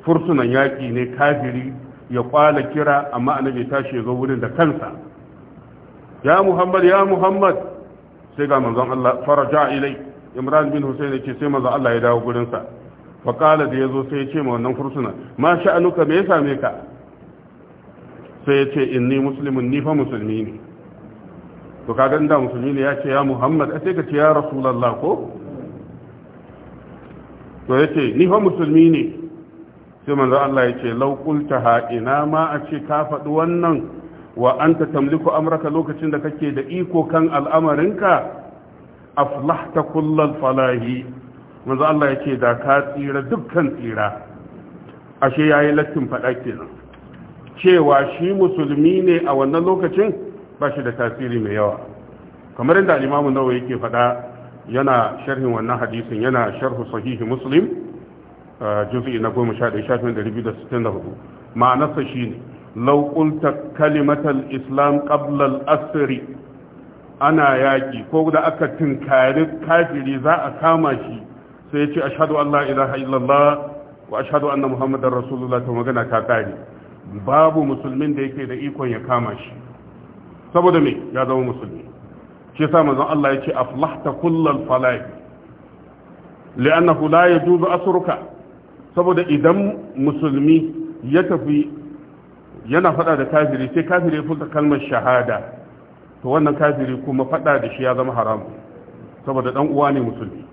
fursunan yaƙi ne kafiri ya kwala kira amma annabi tashi ya zo wurin da kansa ya muhammad ya muhammad sai ga manzon Allah faraja ilai imran bin husayn yace sai manzon Allah ya dawo gurin sa fa qala da yazo sai ya ce ma wannan fursuna ma sha'anuka me ya same ka sai ya ce inni muslimun ni fa musulmi ne to kaga inda musulmi ne ya ce ya muhammad sai ka ce ya rasulullah ko to yace ni fa musulmi ne sai manzo Allah yace law qultaha ina ma a ce ka faɗi wannan wa anta tamliku amraka lokacin da kake da iko kan al'amarinka aflahta kullal falahi manzo Allah yace da ka tsira dukkan tsira ashe yayi lattin faɗa kenan cewa shi musulmi ne a wannan lokacin ba shi da tasiri mai yawa kamar yadda al nawa Nawawi yake faɗa yana sharhin wannan hadisin yana sharhu sahihi muslim uh, juz'i na goma sha ɗaya shafin ɗari biyu da sittin da hudu ma'anarsa shi ne lau ƙulta kalimatar islam ƙablal asiri ana yaƙi ko da aka tinkari kafiri za a kama shi sai ya ce ashadu allah ilaha illallah wa ashadu anna muhammadar rasulullah ta magana ta kare babu musulmin da yake da ikon ya kama shi saboda me ya zama musulmi shi yasa manzon Allah yake aflahta kullal falai li'annahu la yajuzu asruka saboda idan musulmi ya tafi yana fada da kafiri sai kafiri ya furta kalmar shahada to wannan kafiri kuma fada da shi ya zama haram saboda dan uwa ne musulmi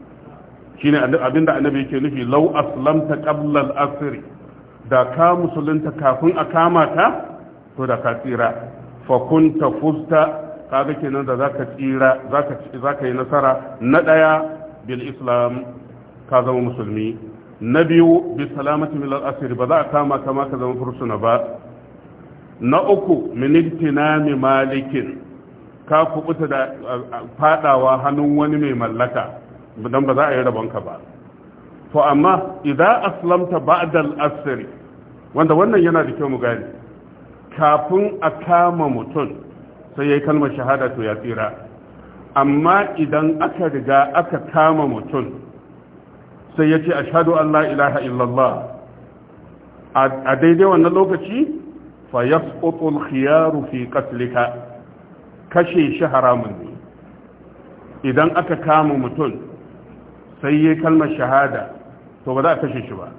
shine abinda annabi yake nufi law aslamta qabla al-asr da ka musulunta kafin a kama ta to da ka tsira fa kunta fusta kaga kenan da zaka tsira zaka zaka yi nasara na daya bil islam ka zama musulmi na biyu bi salamati min al asir ba za a kama kama ka zama fursuna ba na uku min ittinami malikin ka kubuta da fadawa hannun wani mai mallaka dan ba za a yi rabonka ba to amma idan aslamta ba'da al asir wanda wannan yana da kyau mu gani kafin a kama mutum sai ya yi kalmar shahada to ya tsira amma idan aka riga aka kama mutum sai ya ce ashadu an Allah ilaha illallah a daidai wannan lokaci fa yasqutul khiyaru fi katlika. kashe shi haramun ne idan aka kama mutum sai ya kalmar shahada to ba za a kashe shi ba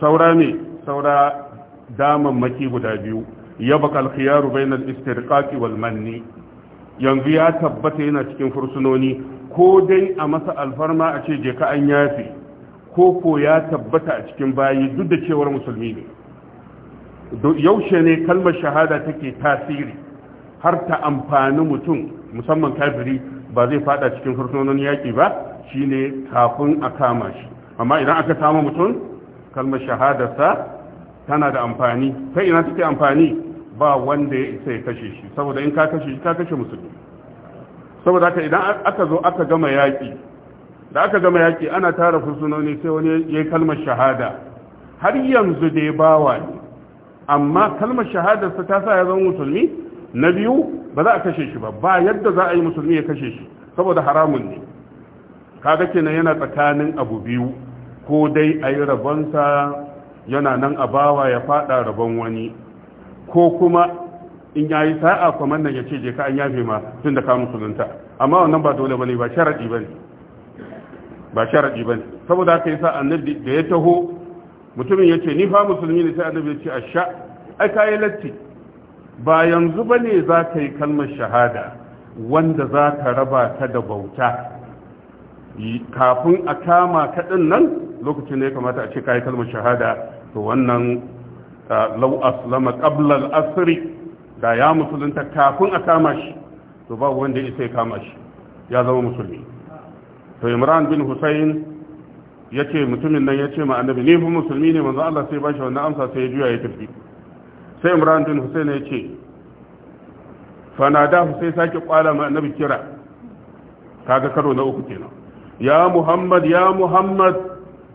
saura ne saura damammaki guda biyu yabqa al-khiyar bayna al wal manni yanzu ya tabbata yana cikin fursunoni ko dai a masa alfarma a ce je ka an yafi ko ko ya tabbata a cikin bayi duk da cewar musulmi ne yaushe ne kalmar shahada take tasiri har ta amfani mutum musamman kafiri ba zai fada cikin fursunonin yaki ba shine kafin a kama shi amma idan aka kama mutum kalmar shahadarsa tana da amfani ta ina take amfani ba wanda ya isa ya kashe shi saboda in ka kashe shi ka kashe musulmi saboda haka idan aka zo aka gama yaƙi da aka gama yaƙi ana tara fursunoni sai wani ya yi kalmar shahada har yanzu dai bawa ne amma kalmar shahada sa ta sa ya zama musulmi na biyu ba za a kashe shi ba ba yadda za a yi musulmi ya kashe shi saboda haramun ne kaga kenan yana tsakanin abu biyu ko dai a yi rabonsa yana nan a bawa ya fada rabon wani ko kuma in yayi sa'a kuma nan ya ce je ka an yafe ma tunda ka musulunta amma wannan ba dole bane ba sharadi bane ba sharadi bane saboda haka yasa annabi da ya taho mutumin yace ni fa musulmi ne sai annabi ya ce asha ai kai latti ba yanzu bane za ka yi kalmar shahada wanda za ka raba ta da bauta kafin a kama din nan lokacin da ya kamata a ce yi kalmar shahada to wannan lau aslama ƙablar asiri da ya musulunta kafin a kama shi to babu wanda ya kama shi ya zama musulmi to imran bin Hussein ya ce mutumin nan yace ma annabi ni fa musulmi ne manzo Allah sai ba bashi wannan amsa sai ya juya ya tafi sai imran bin Hussein husayn yace fanadahu sai sake kwala ma annabi kira kaga karo na uku kenan ya muhammad ya muhammad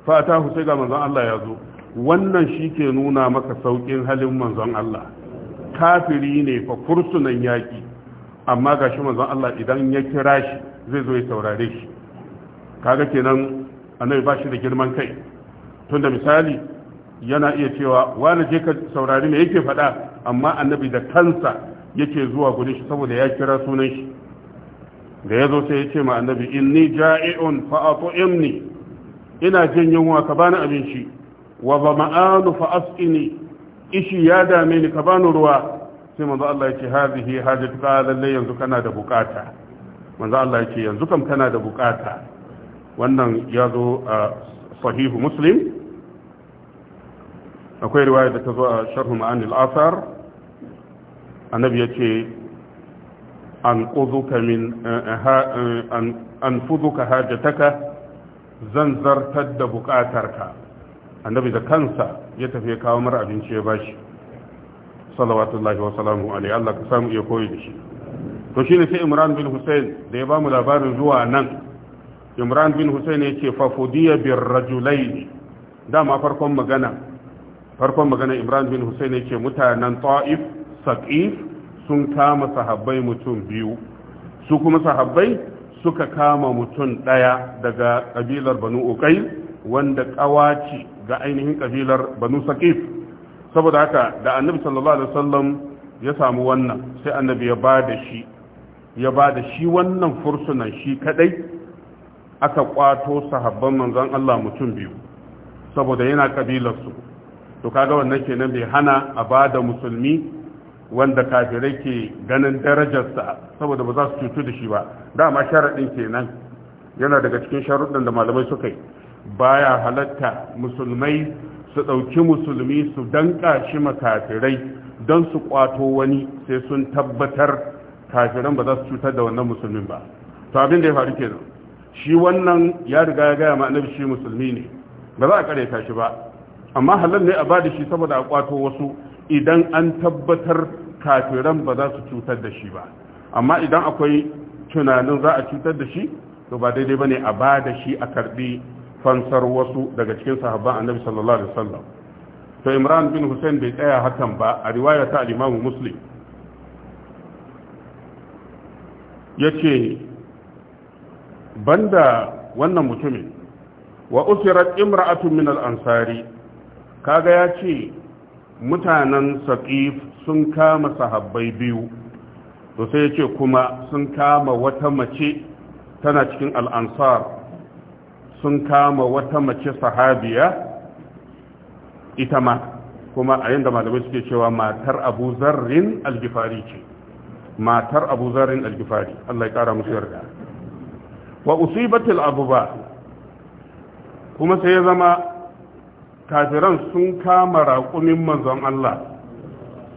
fa atahu sai ga manzon Allah ya zo wannan shi ke nuna maka saukin halin manzon Allah kafiri ne fa kursunan yaƙi amma ga shi manzon Allah idan ya kira shi zai zo ya saurare shi kaga kenan annabi ba shi da girman kai tunda misali yana iya cewa wani je ka saurari me yake faɗa amma annabi da kansa yake zuwa gudun shi saboda ya kira sunan shi da ya zo sai ya ce ma annabi inni ja'i'un fa at'imni ina jin yunwa ka bani abinci wa ba ma'anu fa asqini ishi ya dame ni ka bani ruwa sai manzo Allah yake hazihi hajatuka lalle yanzu kana da bukata manzo Allah yake yanzu kam kana da bukata wannan ya zo a sahihu muslim akwai riwaya da ta zo a sharhu ma'anil asar annabi yace an min eh, eh, an fuduka hajataka zan zartar da bukatarka annabi da kansa ya tafi kawo mara abinci ya bashi salawatullahi wa salamu alaihi Allah ka samu iya koyi da shi to shine sai Imran bin Hussein da ya bamu labarin zuwa nan Imran bin Hussein yace fa fudiya bir rajulain dama farkon magana farkon magana Imran bin Hussein yace mutanen Taif Saqif sun kama sahabbai mutum biyu su kuma sahabbai suka kama mutum daya daga kabilar Banu Uqayl wanda kawaci ga ainihin kabilar banu saqif saboda haka da annabi sallallahu alaihi wasallam ya samu wannan sai annabi ya ba da shi ya ba da shi wannan fursunan shi kadai aka kwato sahabban manzon Allah mutum biyu saboda yana kabilar su to kaga wannan kenan bai hana a ba da musulmi wanda kafirai ke ganin darajarsa saboda ba za su cutu da shi ba dama sharaɗin kenan yana daga cikin sharuɗin da malamai suka yi baya halatta musulmai su ɗauki musulmi su danka shi makafirai don su kwato wani sai sun tabbatar kafiran ba za su cutar da wannan musulmin ba to abin da ya faru kenan shi wannan ya riga ya gaya ma shi musulmi ne ba za a kare shi ba amma halal ne a ba da shi saboda a kwato wasu idan an tabbatar kafiran ba za su cutar da shi ba amma idan akwai tunanin za a cutar da shi to ba daidai ne a ba da shi a karbi fansar wasu daga cikin sahabban annabi sallallahu alaihi wasallam to imran bin hussein bai tsaya hakan ba a riwaya ta al imam muslim yace banda wannan mutumin wa usirat imra'atun min al-ansari kaga yace mutanen saqif sun kama sahabbai biyu to sai yace kuma sun kama wata mace tana cikin al-ansar sun kama wata mace sahabiya ita ma kuma a yadda malamai suke cewa matar abu zarrin algifari ce matar abu zarrin algifari Allah ya kara musu yarda wa usibatul abuba kuma sai ya zama kafiran sun kama raƙumin manzon Allah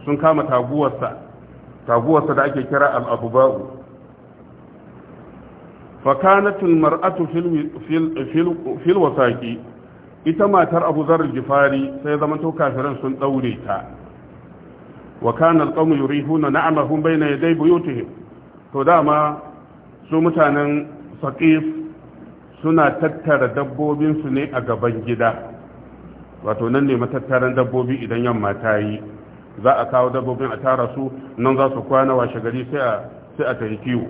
sun kama taguwarsa taguwarsa da ake kira al-abuba'u fakanatul mar'atu fil wasaki ita matar abu zarar gifari sai zaman to kafiran sun daure ta wa kana alqawmu yurihuna na'amahum bayna yaday buyutihim to dama su mutanen saqif suna tattara dabbobin su ne a gaban gida wato nan ne matattaran dabbobi idan yamma ta yi za a kawo dabbobin a tara su nan za su kwana washe gari sai a sai a kiwo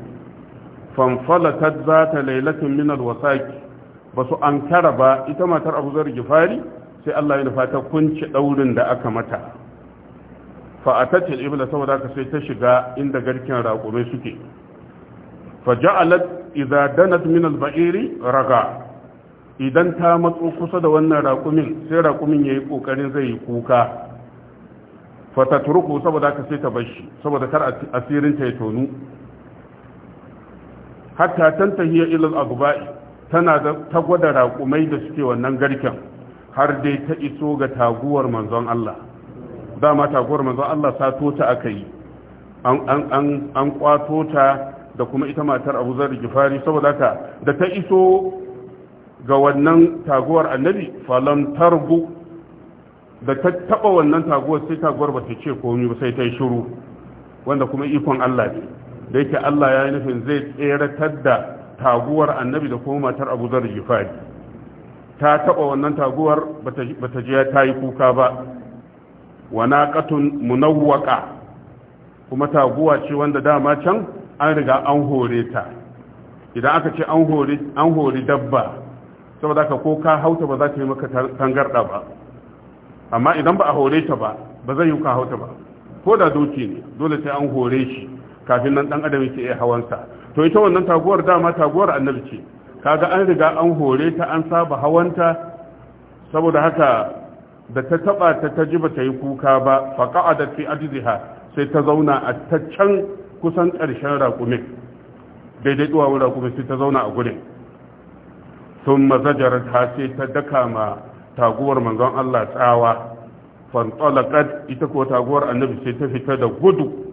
fanfalatat za ta lailatun minar wasaki ba su an kara ba ita matar abu zar gifari sai Allah ya nufa ta kunci daurin da aka mata fa'atacce ibla saboda ka sai ta shiga inda garkin raƙume suke faja'alat idza danat min al-ba'iri raga idan ta matso kusa da wannan raƙumin sai raƙumin ya yi ƙoƙarin zai yi kuka turku saboda ka sai ta bashi, saboda kar asirinta ya tonu hatta tantahi ila al-aghba'i tana ta gwada raƙumai da suke wannan garken har dai ta iso ga taguwar manzon Allah dama taguwar manzon Allah sato ta aka yi an kwato ta da kuma ita matar abu zar gifari saboda ta da ta iso ga wannan taguwar annabi falam tarbu da ta taba wannan taguwar sai taguwar ba ta ce komai ba sai ta yi shiru wanda kuma ikon Allah ne da yake Allah ya yi nufin zai tseratar da taguwar annabi da kuma matar abu zar jifari ta taɓa wannan taguwar ba ta jiya ta yi kuka ba wana katun munawwaka kuma taguwa ce wanda dama can an riga an hore ta idan aka ce an hori dabba saboda ka ko ka hauta ba za ta yi maka tangarɗa ba amma idan ba a hore ta ba ba zai yi ka hauta ba ko da doki ne dole sai an hore shi kafin nan dan adam yake iya hawansa to ita wannan taguwar dama taguwar annabi ce kaga an riga an hore ta an saba hawanta saboda haka da ta taba ta taji ba ta yi kuka ba fa qa'adat fi ajziha sai ta zauna a taccan kusan ƙarshen raƙumin daidai duwawun raƙumin sai ta zauna a gurin sun mazajar ta sai ta daka ma taguwar manzon Allah tsawa fantsalakat ita ko taguwar annabi sai ta fita da gudu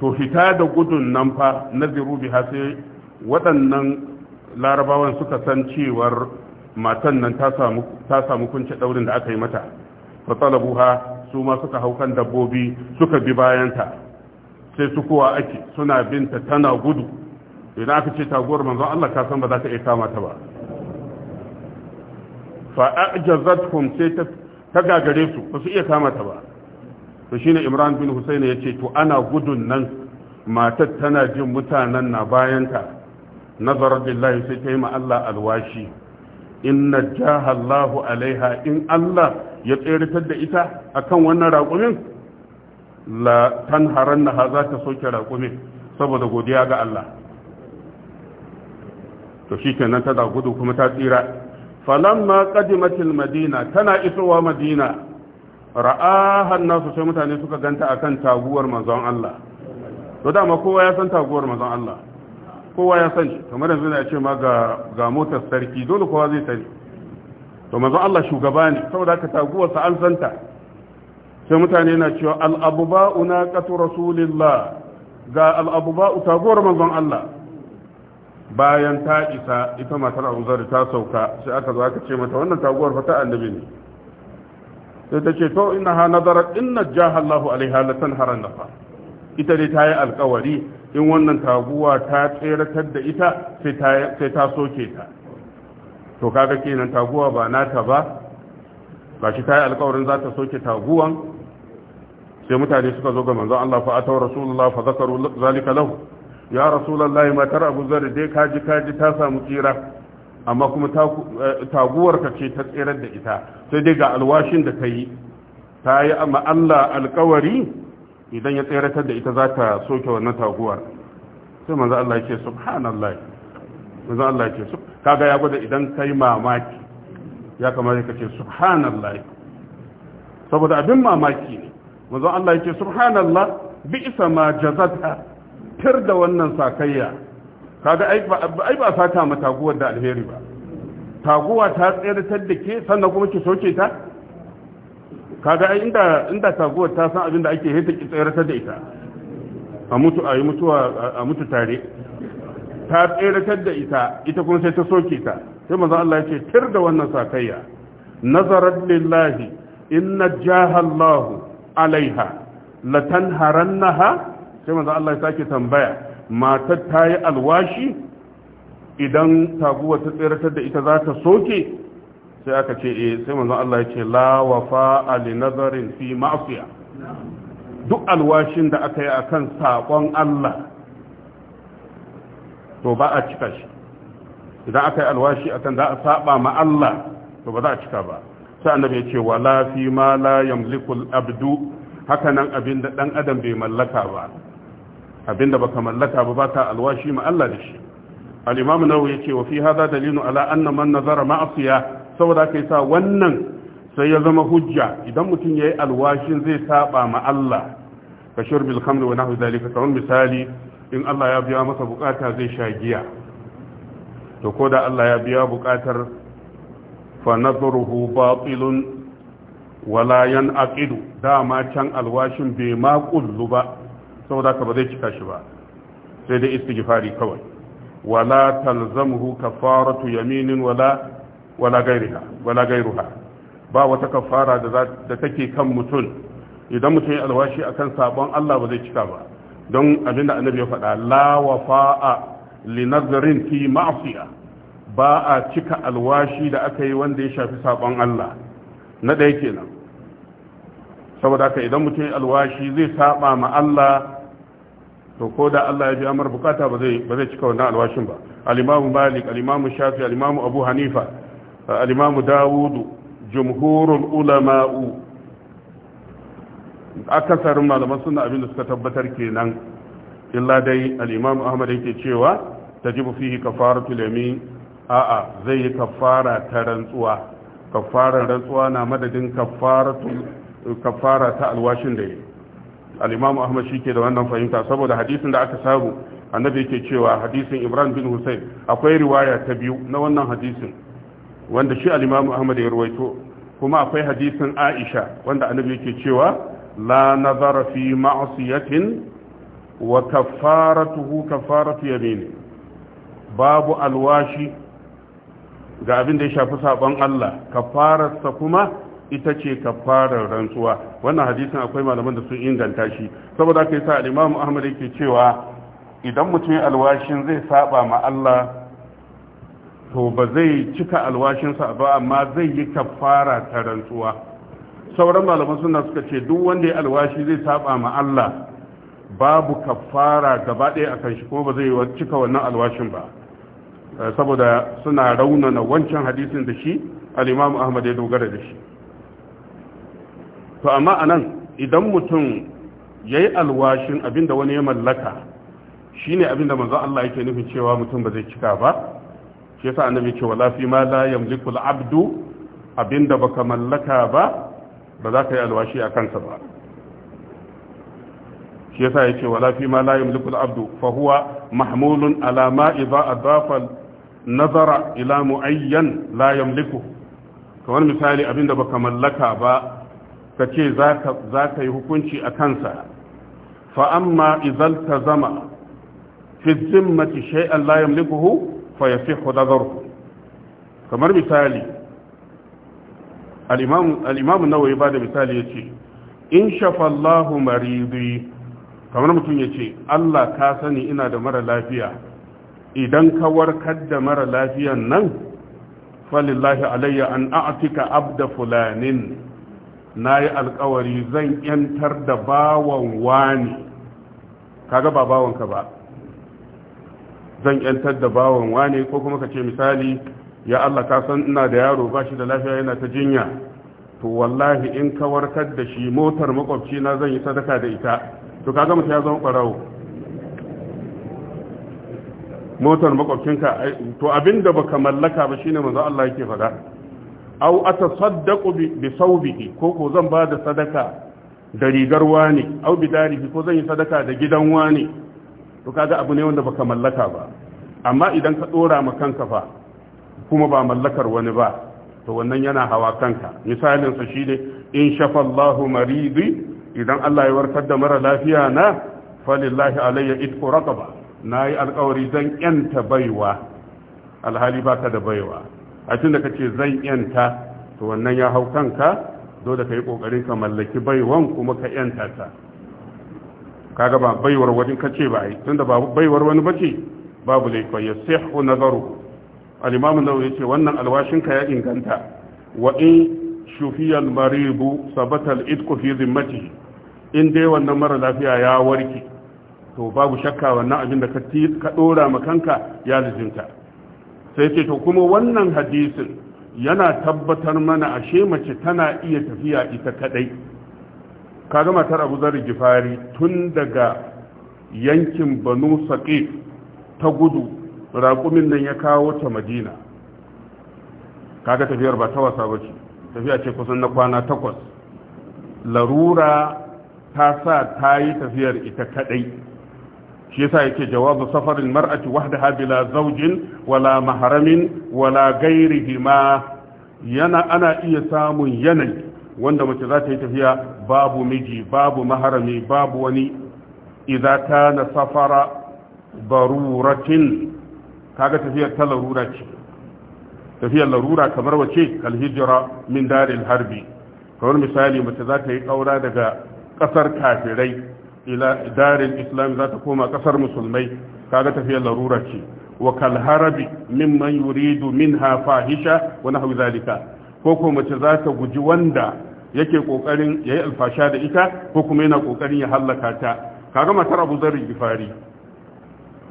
to fita da gudun nan fa naziru biha sai waɗannan larabawan suka san cewar matan nan ta samu kunce ɗaurin da aka yi mata fatsalabuha su ma suka haukan dabbobi suka bi bayanta sai su kowa ake suna binta tana gudu idan aka ce taguwar manzon Allah ka san ba za ka iya kama ta ba fa'ajazat sai ta gagare su ba su iya kama ta ba to shine imran bin husayn ya ce to ana gudun nan matar tana jin mutanen na bayanta nazarar billahi sai ta yi ma Allah alwashi inna jaha Allahu alaiha in Allah ya tseratar da ita akan wannan raƙumin la tanharanna ha za ta soke raƙumin saboda godiya ga Allah to shikenan ta da gudu kuma ta tsira falamma qadimatil madina tana isowa madina Ra'a nasu sai mutane suka ganta a kan taguwar manzon Allah to dama kowa ya san taguwar manzon Allah kowa ya san shi kamar yanzu ne a ce ma ga ga motar sarki dole kowa zai sani to manzon Allah shugaba ne saboda ka taguwar sa an san ta sai mutane na cewa al-abba unaqatu rasulillah ga al-abba taguwar manzon Allah bayan ta isa ita matar Abu Zar ta sauka sai aka zo aka ce mata wannan taguwar fa ta annabi ne sai ta ce to ina ha nazara inna jaha Allahu alaiha la tanhara nafa ita dai ta yi alkawari in wannan taguwa ta tseratar da ita sai ta soke ta to kaga kenan taguwa ba nata ba gashi ta yi alkawarin za ta soke taguwan sai mutane suka zo ga manzon Allah fa atau rasulullah fa zakaru zalika lahu ya rasulullahi matar tar abu zar dai kaji kaji ta samu tsira amma kuma taguwarka ce ta tserar da ita sai dai ga alwashin da ta yi ta yi amma Allah alkawari idan ya tseratar da ita za ta soke wannan taguwar sai manzo Allah ce subhanallah manzo Allah ce su kaga ya gwada idan yi mamaki ya kamata ka ce subhanallah saboda abin mamaki ne manzo Allah ya ce subhanallah bi isa ma jazata tir da wannan sakayya kaga ai ba fata ma taguwar da alheri ba taguwa ta tsayar da ke sannan kuma ki soke ta kaga ai inda inda taguwar ta san abin da ake hita ki tsayar da ita a mutu a yi mutuwa a mutu tare ta tsayar da ita ita kuma sai ta soke ta sai manzo Allah ya ce tir da wannan sakayya nazarat lillahi inna jahallahu alaiha latanharannaha sai manzo Allah ya sake tambaya matar ta yi alwashi idan taguwa ta tseratar da ita za ta soke sai aka ce eh sai manzon Allah ya ce la wafa ali, nazarin fi ma'siya duk alwashin da aka yi kan saƙon Allah to ba a cika shi idan aka yi alwashi akan za a saɓa ma Allah to ba za a cika ba sai annabi ya ce wala fi ma la yamliku al-abdu hakanan abin da dan adam bai mallaka ba abinda baka mallaka ba baka alwashi ma Allah da shi al-imam nawawi yace wa fi hadha dalilu ala anna man nazara ma'afiya saboda kai sa wannan sai ya zama hujja idan mutum yayi alwashin zai saba ma Allah ka shurbil khamr wa nahwi zalika kamar misali in Allah ya biya masa bukata zai sha giya to ko da Allah ya biya bukatar fa nadruhu batilun wala yanaqidu dama can alwashin bai ma kullu ba saboda ka ba zai cika shi ba sai dai istighfari kawai wala talzamuhu kafaratu yaminin wala wala gairiha wala gairuha ba wata kafara da da take kan mutum idan mutum ya alwashi akan sabon Allah ba zai cika ba don abinda annabi ya faɗa la wafa'a li nazarin fi ma'siya ba a cika alwashi da aka yi wanda ya shafi sabon Allah na ɗaya kenan saboda idan mutum ya alwashi zai saba ma Allah to ko da Allah ya ji amar bukata ba zai ba zai cika wannan alwashin ba al-imamu malik al-imamu shafi al-imamu abu hanifa al-imamu dawud jumhurul ulama'u akasarin malaman suna abin da suka tabbatar kenan illa dai al-imamu ahmad yake cewa tajibu fihi kafaratul yamin a'a zai yi kafara ta rantsuwa kafarar rantsuwa na madadin kafaratul kafara ta alwashin da yake al ahmad shi ke da wannan fahimta saboda hadisin da aka samu annabi yake cewa hadisin ibrahim bin husayn akwai riwaya ta biyu na wannan hadisin wanda shi al-imamu ahmad ya ruwaito kuma akwai hadisin aisha wanda annabi yake cewa la nazara fi ma'siyatin wa kaffaratuhu kaffaratu yamin babu alwashi ga abin da ya shafi sabon Allah kafararsa kuma ita ce kafarar rantsuwa wannan hadisin akwai malaman da sun inganta shi saboda kai yasa al-Imam Ahmad yake cewa idan mutum ya alwashin zai saba ma Allah to ba zai cika alwashinsa ba amma zai yi kafara ta rantsuwa sauran malaman suna suka ce duk wanda ya alwashi zai saba ma Allah babu kafara gaba ɗaya akan shi ko ba zai cika wannan alwashin ba saboda suna raunana wancan hadisin da shi al-Imam Ahmad ya dogara da shi to amma anan idan mutum ya yi alwashin abinda wani ya mallaka shi ne abinda manzo Allah yake nufin cewa mutum ba zai cika ba shi yasa annabi ce wala fi ma la yamliku al-abdu abinda baka mallaka ba ba za ka yi alwashi a kansa ba shi yasa ce wala fi ma la yamliku al-abdu fa huwa mahmulun ala ma idha adafa nazara ila muayyan la yamliku kamar misali abinda baka mallaka ba ka ce za ka yi hukunci a kansa fa'amma izalta zama fi zimmati shay'an la yamlikuhu fa yasihu nazaruhu kamar misali al-imam ya ba da misali yace in shafallahu Allahu maridi kamar mutum yace Allah ka sani ina da mara lafiya idan ka warkar da mara lafiyan nan falillahi alayya an a'tika abda fulanin na yi alkawari zan yantar da bawan wani kaga ba bawanka ba zan yantar da bawan wani ko kuma ka ce misali ya Allah ka san ina da yaro ba shi da lafiya yana ta jinya to wallahi in ka warkar da shi motar makwabci na zan yi sadaka da ita to kaga mutum ya zama ɓarawo motar makwabcinka to abinda baka mallaka ba shine manzo Allah yake faɗa au atasaddaqu bi sawbihi ko ko zan ba da sadaka da rigar wani au bi ko zan yi sadaka da gidan wani to kaga abu ne wanda baka mallaka ba amma idan ka dora ma kanka fa kuma ba mallakar wani ba to wannan yana hawa kanka misalin sa ne, in shafa Allahu maridi idan Allah ya warkar da mara lafiya na falillahi alayya itqu raqaba nayi alƙawari zan yanta baiwa alhali baka da baiwa a tun da kace zan yanta to wannan ya hau kanka dole ka yi kokarin ka mallaki baiwan kuma ka yanta ta kaga ba baiwar wani kace ba ai tunda ba baiwar wani bace babu laifin ya sihu nazaru al-imam nawawi yace wannan alwashin ka ya inganta wa in shufiya maribu sabata al-idku fi zimmati in dai wannan mara lafiya ya warke to babu shakka wannan abin da ka dora ma kanka ya lizinta sai ce to kuma wannan hadisin yana tabbatar mana ashe mace tana iya tafiya ita kadai kaga matar Abu Zar Gifari tun daga yankin Banu Saqif ta gudu raƙumin nan ya kawo ta Madina kaga tafiyar ba ta wasa bace tafiya ce kusan na kwana takwas larura ta sa ta yi tafiyar ita kadai shi yasa yake jawabu safarin mar'ati wahdaha bila zawjin wala mahramin wala ghairihima yana ana iya samun yanayi wanda mace za ta yi tafiya babu miji babu maharami babu wani idza kana safara daruratin kaga tafiyar ta larura ce tafiyar larura kamar wace kal hijra min daril harbi kamar misali mace za ta yi kaura daga kasar kafirai ila darin islam za ta koma kasar musulmai kaga tafiyar larura ce wa min harabi mimman yuridu ha fahisha wa nahwi zalika ko ko mace za ta guji wanda yake kokarin yayi alfasha da ita ko kuma yana kokarin ya hallaka ta kaga matar Abu Dharr Gifari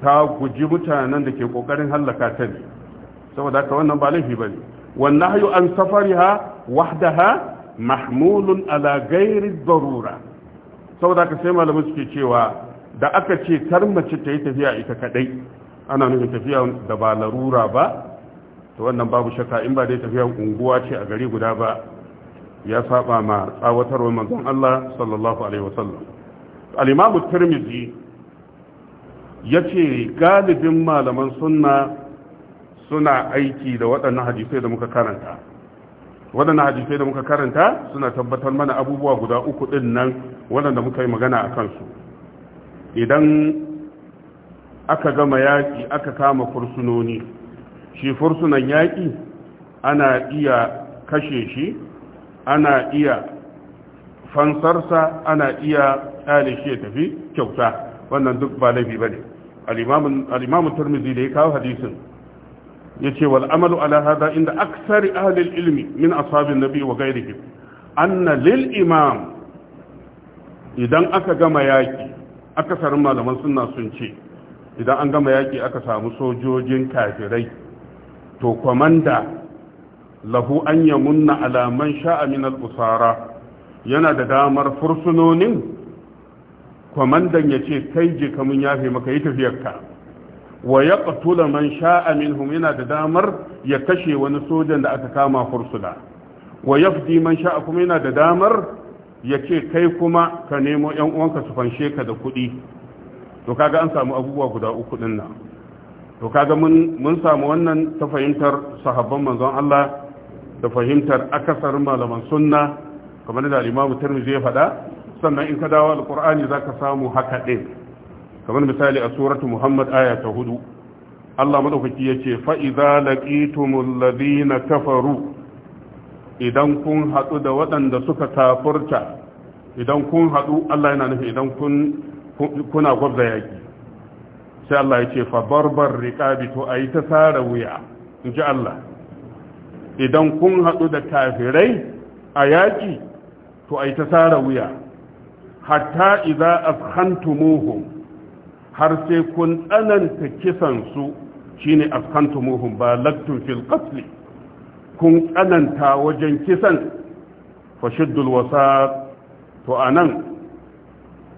ta guji mutanen da ke kokarin hallaka ta ne saboda haka wannan ba laifi bane wannan hayu an safariha wahdaha mahmulun ala ghairi darura saboda ka sai malamin suke cewa da aka ce kar mace ta yi tafiya ita kadai ana nufin tafiya da ba larura ba to wannan babu shakka in ba dai tafiyan unguwa ce a gari guda ba ya saba ma tsawatarwar manzon Allah sallallahu alaihi wasallam al-imamu tirmidhi yace galibin malaman sunna suna aiki da waɗannan hadisai da muka karanta waɗannan hadisai da muka karanta suna tabbatar mana abubuwa guda uku ɗin nan waɗanda muka yi magana a kansu idan aka gama yaƙi aka kama fursunoni shi fursunan yaƙi ana iya kashe shi ana iya fansarsa ana iya ƙyale shi ya tafi kyauta wannan duk ba laifi ba ne al'imamun turmizi da ya kawo hadisin yace wal amalu ala inda aksari ahli ilmi min ashabin nabi wa ghairihi anna lil imam idan aka gama yaki akasarin malaman suna sun ce idan an gama yaki aka samu sojojin kafirai to kwamanda lahu an yamunna munna alaman sha'a min yana da damar fursunonin kwamandan ya ce kai je kamun yafe maka yi tafiyarka wa ya ƙatula man sha'a minhum yana da damar ya kashe wani sojan da aka kama fursuna wa ya fi man sha'a kuma yana da damar ya ce kai kuma ka nemo ‘yan uwanka su fanshe ka da kuɗi to kaga an samu abubuwa guda uku ɗin nan to kaga mun samu wannan ta fahimtar sahabban manzon Allah da fahimtar akasar malaman sunna kamar da limamu tarmizi ya faɗa sannan in ka dawo alƙur'ani za ka samu haka ɗin kamar misali a suratu muhammad aya ta hudu Allah madaukaki ya ce fa'iza da laƙitumul ladina kafaru idan kun haɗu da waɗanda suka tafurta idan kun haɗu Allah yana nufi idan kuna gwabza yaƙi sai Allah ya ce fa barbar riƙabi to a yi ta tsara wuya in ji Allah idan kun haɗu da kafirai a yaƙi to a yi ta tsara wuya hatta iza afhantumuhum har sai kun tsananta kisansu shine askantumuhum balagtum fil qatl kun tsananta wajen kisan fashiddul wasaq to nan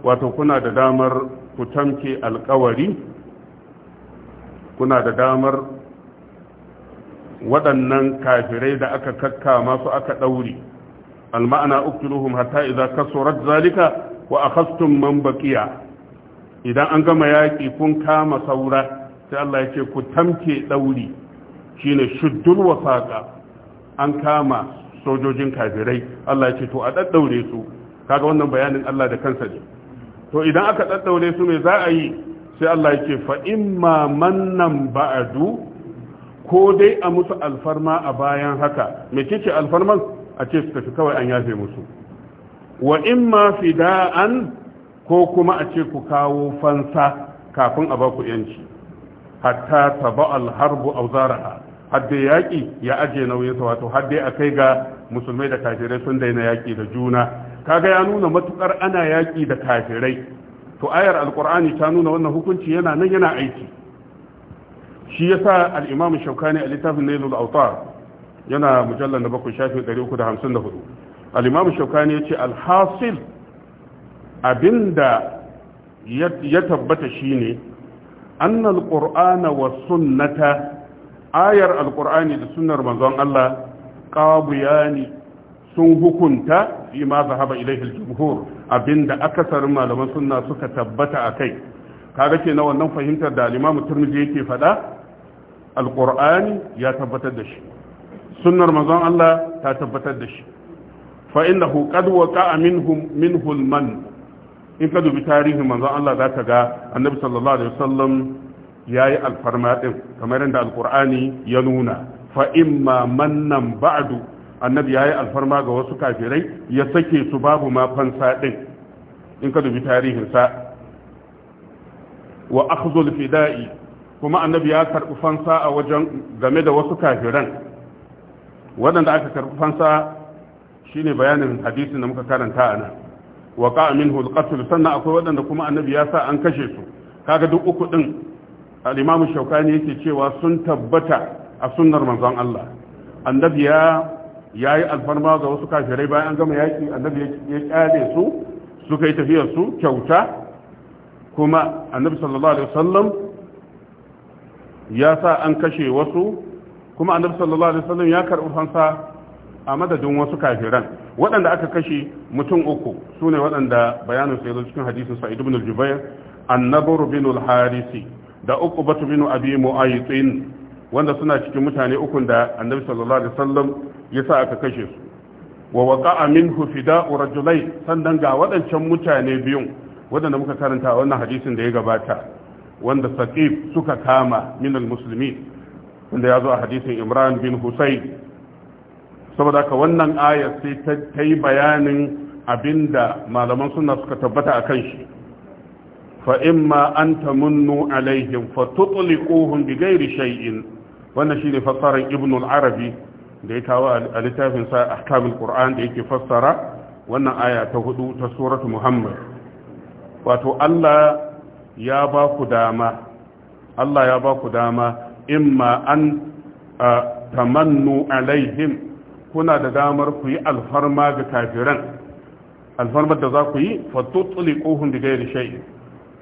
wato kuna da damar ku tamke alƙawari kuna da damar waɗannan kafirai da aka kakka masu aka ɗauri alma'ana uktuluhum hatta idza kasurat zalika wa akhastum man baqiya idan an gama yaƙi kun kama saura sai Allah ya ce ku tamke ɗauri shine shuddun wasaqa an kama sojojin kafirai Allah ya ce to a daddaure su kaga wannan bayanin Allah da kansa ne to idan aka daddaure su me za a yi sai Allah ya ce fa imma mannan ba'du ko dai a musu alfarma a bayan haka me kike alfarman a ce su tafi kawai an yafe musu wa imma fida'an ko kuma a ce ku kawo fansa kafin a ba ku yanci hatta taba alharbu auzaraha Hadda yaƙi ya aje nauyin sa wato hadde a kai ga musulmai da kafirai sun daina yaƙi da juna kaga ya nuna matukar ana yaƙi da kafirai to ayar alqur'ani ta nuna wannan hukunci yana nan yana aiki shi yasa al-imam shaukani a littafin nailul autar yana mujallal na bakwai shafi 354 al-imam shaukani ya al-hasil abinda ya tabbata shine annal qur'ana wa sunnata ayar alqur'ani da sunnar manzon Allah qabiyani sun hukunta fi ma zahaba ilaihi al-jumhur abinda akasarin malaman sunna suka tabbata akai kaga kenan wannan fahimtar da al-Imam Tirmidhi yake fada alqur'ani ya tabbatar da shi sunnar manzon Allah ta tabbatar da shi fa innahu qad waqa'a minhum minhu al-man in ka dubi tarihin manzon Allah za ka ga annabi sallallahu alaihi wasallam ya yi alfarma ɗin kamar yadda alkur'ani ya nuna fa imma mannan ba'du annabi ya yi alfarma ga wasu kafirai ya sake su babu ma fansa ɗin in ka dubi tarihinsa wa akhzul fida'i kuma annabi ya karɓi fansa a wajen game da wasu kafiran waɗanda aka karɓi fansa shine bayanin hadisin da muka karanta a nan wa qa'a minhu al sannan akwai waɗanda kuma annabi ya sa an kashe su kaga duk uku ɗin al-imam shaukani yake cewa sun tabbata a sunnar manzon Allah annabi ya yi alfarma ga wasu kafirai bayan an gama yaki annabi ya kyale su suka yi tafiyar su kyauta kuma annabi sallallahu alaihi wasallam ya sa an kashe wasu kuma annabi sallallahu alaihi wasallam ya karɓi fansa a madadin wasu kafiran waɗanda aka kashe mutum uku su ne waɗanda bayanin sai cikin hadisin sa'id ibn al-jubayr annabur bin al-harisi da batu bin abi mu'aytin wanda suna cikin mutane uku da annabi sallallahu alaihi wasallam ya sa aka kashe su wa waqa'a minhu fida'u rajulain sannan ga waɗancan mutane biyun waɗanda muka karanta wannan hadisin da ya gabata wanda saqib suka kama min al-muslimin wanda ya zo a hadisin imran bin husayn saboda haka wannan ayar sai ta yi bayanin abinda malaman suna suka tabbata a kan shi fa ma an tamunnu alaihim fa tutliquhum bi ghairi shay'in wannan shine fassarar ibn al-arabi da ya kawo a littafin sa ahkamul qur'an da yake fassara wannan aya ta hudu ta suratu muhammad wato Allah ya ba ku dama Allah ya ba ku dama imma an tamannu alaihim kuna da damar ku yi alfarma ga kafiran alfarmar da za ku yi fattutsuli kohun da gairi shai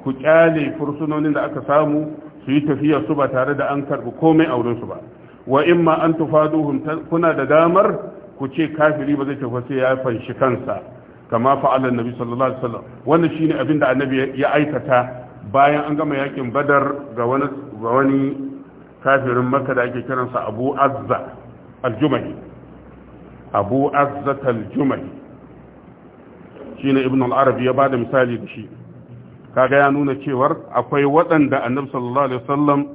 ku kyale fursunonin da aka samu su yi tafiya su ba tare da an karɓi komai a su ba wa in ma an tufaduhum kuna da damar ku ce kafiri ba zai tafi sai ya fanshi kansa kama fa'ala annabi sallallahu alaihi wasallam wannan shine abin da annabi ya aikata bayan an gama yakin badar ga wani ga wani kafirin makka da ake kiransa abu azza al abu azzatal jumali ne ibn al-arabi ya da misali da shi kaga ya nuna cewar akwai waɗanda annabi sallallahu alaihi wasallam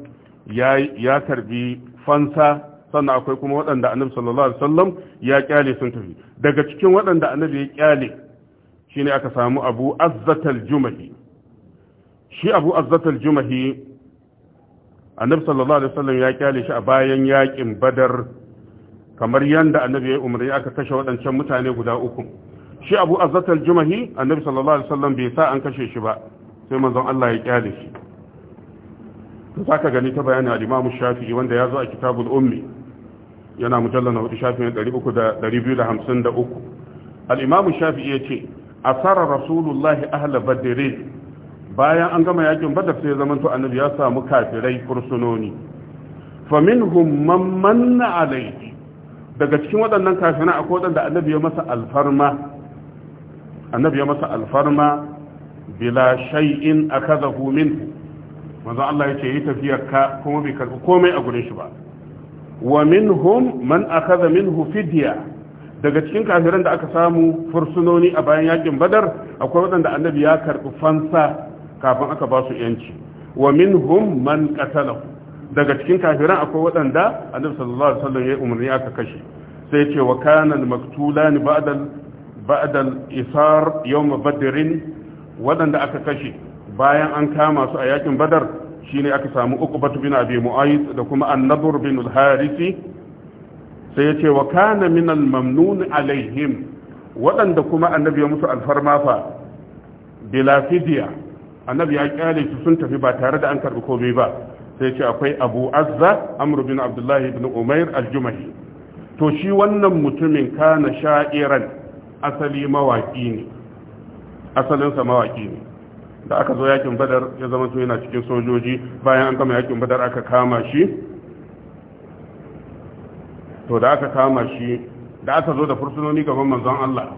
ya ya karbi fansa sannan akwai kuma waɗanda annabi sallallahu alaihi wasallam ya kyale sun tafi daga cikin waɗanda annabi ya kyale shi ne aka samu abu azzatal jumahi shi abu azzatal jumahi annabi sallallahu alaihi wasallam ya kyale shi a bayan yakin badar kamar yadda annabi ya umarni aka kashe waɗancan mutane guda uku shi abu azzatal jimahi annabi sallallahu alaihi sallam bai sa an kashe shi ba sai manzon Allah ya kyale shi za ka gani ta bayanin al shafi'i wanda ya zo a kitabul ummi yana mujallal na hudu hamsin da uku. imam shafi'i yace asara rasulullahi ahla badr bayan an gama yakin badar sai zaman to annabi ya samu kafirai fursunoni. faminhum man manna alayhi daga cikin waɗannan kafinan akwai waɗanda annabi ya masa alfarma annabi ya masa alfarma bila shay'in akadahu minhu manzo Allah yace yi tafiyar ka kuma bai karbi komai a gurin shi ba wa minhum man akadha minhu fidya daga cikin kafiran da aka samu fursunoni a bayan yakin badar akwai waɗanda annabi ya karbi fansa kafin aka ba su yanci wa minhum man qatalahu daga cikin kafiran akwai waɗanda annabi sallallahu alaihi wasallam ya umarni aka kashe sai ce wa kana al ba'da isar yawm badr waɗanda aka kashe bayan an kama su a yakin badar shine aka samu batu bin abi mu'ayyid da kuma annabur bin al sai ya ce wa kana min al alaihim waɗanda kuma annabi ya musu alfarma fa bila fidiya annabi ya kyale su sun tafi ba tare da an karbi komai ba sai ce akwai abu azza amru bin abdullahi ibn umair al-jumahi to shi wannan mutumin kana sha'iran asali mawaki ne asalinsa mawaki ne da aka zo yakin badar ya zama to yana cikin sojoji bayan an kama yakin badar aka kama shi to da aka kama shi da aka zo da fursunoni gaban manzon Allah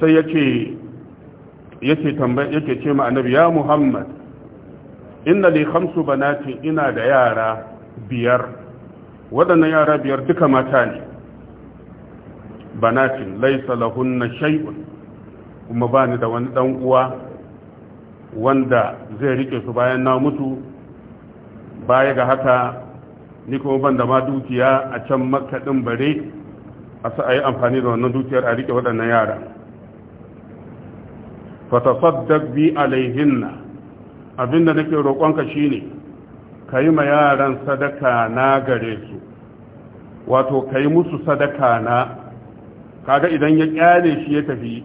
sai yake yake tambaye yake ce ma annabi ya Muhammad inna li khamsu banatin ina da yara biyar waɗannan yara biyar duka mata ne banatin laisa lahunna shay'un kuma ba ni da wani dan uwa wanda zai rike su bayan na mutu baya ga haka ni kuma ban da ma dukiya a can makaɗin bare a sa ayi amfani da wannan dukiyar a rike waɗannan yara fatasaddaq bi alaihinna abinda nake roƙonka shine ka yi ma yaran sadaka na gare su wato ka yi musu sadaka na kaga idan ya kyale shi ya tafi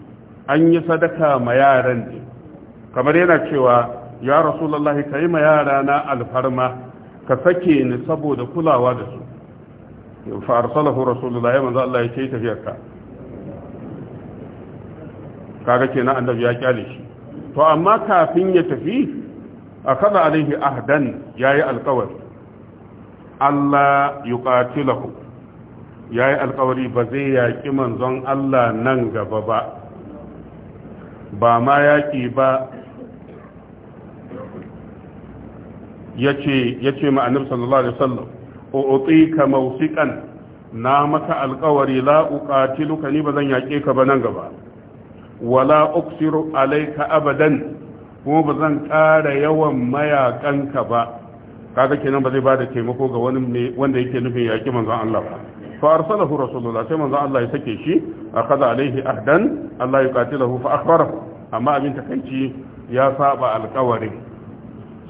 an yi sadaka ma yaran ne kamar yana cewa ya rasulullahi ka yi ma yara na alfarma ka sake ni saboda kulawa da su fa'ar arsalahu rasulullahi ya manzo Allah ya ce tafiyarka kaga kenan annabi ya kyale shi to amma kafin ya tafi akaza alaihi ahdan yayi alƙawari, Allah yuqatilahu yayi alƙawari ba zai yaki manzon Allah nan gaba ba ba ma yaki ba yace yace ma annabi sallallahu alaihi wasallam u'tika mawsiqan na maka alkawari la uqatiluka ni ba zan yake ka ba nan gaba wala uksiru alayka abadan kuma ba zan ƙara yawan mayakanka ba kaga kenan ba zai ba da taimako ga wani wanda yake nufin yaƙi manzon Allah ba fa arsalahu rasulullah sai manzon Allah ya sake shi akaza alaihi ahdan Allah ya qatilahu fa akhbarahu amma abin takeici ya saba alƙawari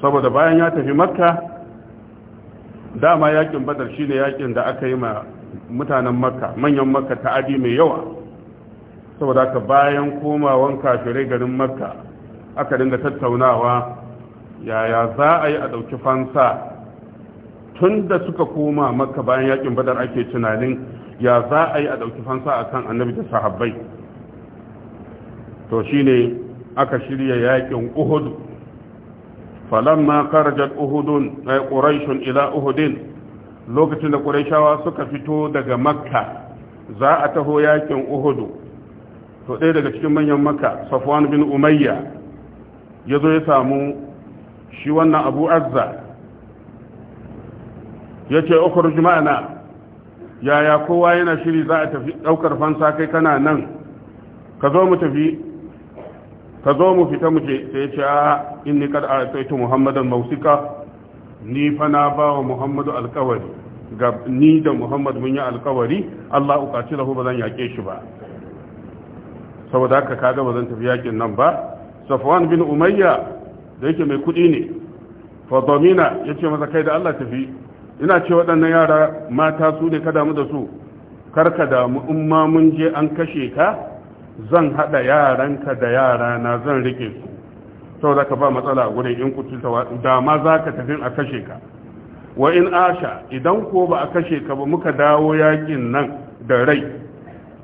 saboda bayan ya tafi makka dama yakin badar shine yakin da aka yi ma mutanen makka manyan makka ta adi mai yawa saboda ka bayan komawan kafirai garin makka aka dinga tattaunawa yaya za a yi a ɗauki fansa tun da suka koma maka bayan yakin badar ake tunanin ya za a yi a ɗauki fansa a kan annabi da sahabbai to shi ne aka shirya yakin uhud ma karajar uhudun ay eh, quraishun ila uhudin lokacin da quraishawa suka fito daga makka za a taho yakin uhudu to ɗaya daga cikin manyan makka safwan bin umayya ya zo ya samu shi wannan abu azza ya ce ukur jima'ana yaya kowa yana shiri za a tafi ɗaukar fansa kai kana nan ka zo mu tafi ka zo mu fita mu je sai ce a inni kar a saitu muhammadan mausika ni fa ba wa muhammadu alkawari ga ni da muhammad mun yi alkawari allah ukaci lahu ba zan yake shi ba saboda haka kaga ba zan tafi yakin nan ba safwan bin umayya da yake mai kuɗi ne fadamina ya ce masa kai da allah tafi ina ce waɗannan yara mata su ne ka damu da su karka damu in ma mun je an kashe ka zan haɗa yaranka da yara na zan rike su saboda ka ba matsala a in kutulta da ma za ka tafi a kashe ka wa in asha idan ko ba a kashe ka ba muka dawo yakin nan da rai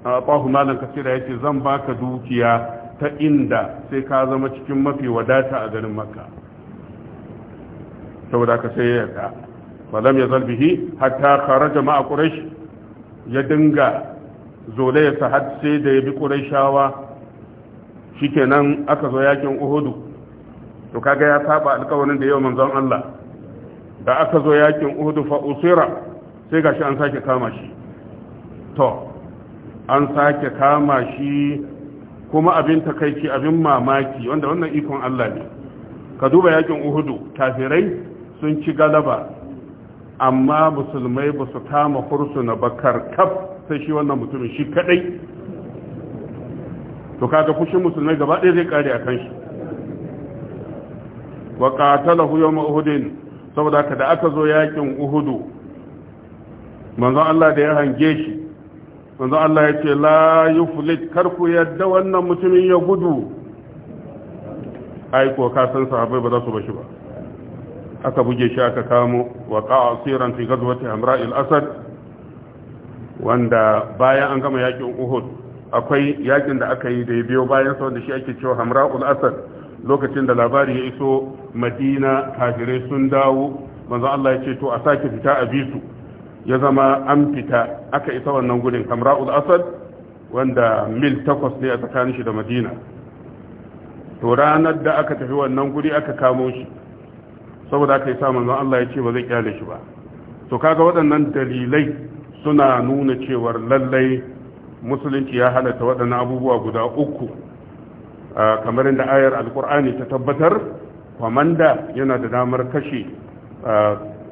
a ɓahu malan kasira ya ce zan baka dukiya ta inda sai ka zama cikin mafi wadata a garin makka saboda ka sai ya yarda falam ya zalbihi hatta kharaja ma'a quraish ya dinga zolaya sa har sai da ya bi qurayshawa shikenan aka zo yakin uhudu to kaga ya saba alƙawarin da yau manzon Allah da aka zo yakin uhudu fa usira sai gashi an sake kama shi to an sake kama shi kuma abin takaici abin mamaki wanda wannan ikon Allah ne ka duba yakin uhudu kafirai sun ci galaba amma musulmai ba su kama hursu na bakar kaf sai shi wannan mutumin shi kadai to kaga fushin musulmai gaba ɗaya zai kare a kan shi wa qatalahu yawm uhudin saboda ka da aka zo yakin uhudu manzon Allah da ya hange shi manzo Allah ya ce la yuflit kar ku yadda wannan mutumin ya gudu ai ko ka san sahabbai ba za su bashi ba aka buge shi aka kamo wa qa'a asiran fi ghazwati amra'il asad wanda bayan an gama yakin Uhud akwai yakin da aka yi da ya biyo bayan sa wanda shi ake cewa Hamra'ul Asad lokacin da labari ya iso Madina kafirai sun dawo manzo Allah ya ce to a sake fita a bisu ya zama an fita aka isa wannan gudun hamra'ul asad wanda mil takwas ne a tsakanin shi da madina to ranar da aka tafi wannan guri aka kamo shi saboda aka yi samun zan Allah ya ce ba zai kyale shi ba to kaga waɗannan dalilai suna nuna cewar lallai musulunci ya halatta waɗannan abubuwa guda uku kamar inda ayar alkur'ani ta tabbatar kwamanda yana da damar kashe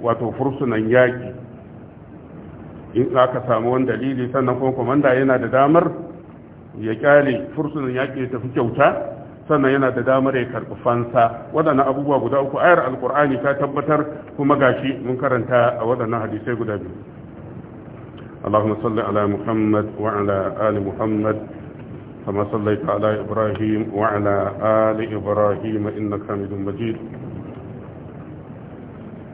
wato fursunan yaƙi in aka samu wani dalili sannan kuma komanda yana da damar ya kyale fursunan yaƙi ya tafi kyauta sannan yana da damar ya karɓi fansa waɗannan abubuwa guda uku ayar alkur'ani ta tabbatar kuma gashi mun karanta a waɗannan hadisai guda biyu اللهم صل على محمد وعلى آل محمد كما صليت على إبراهيم وعلى آل إبراهيم إنك حميد مجيد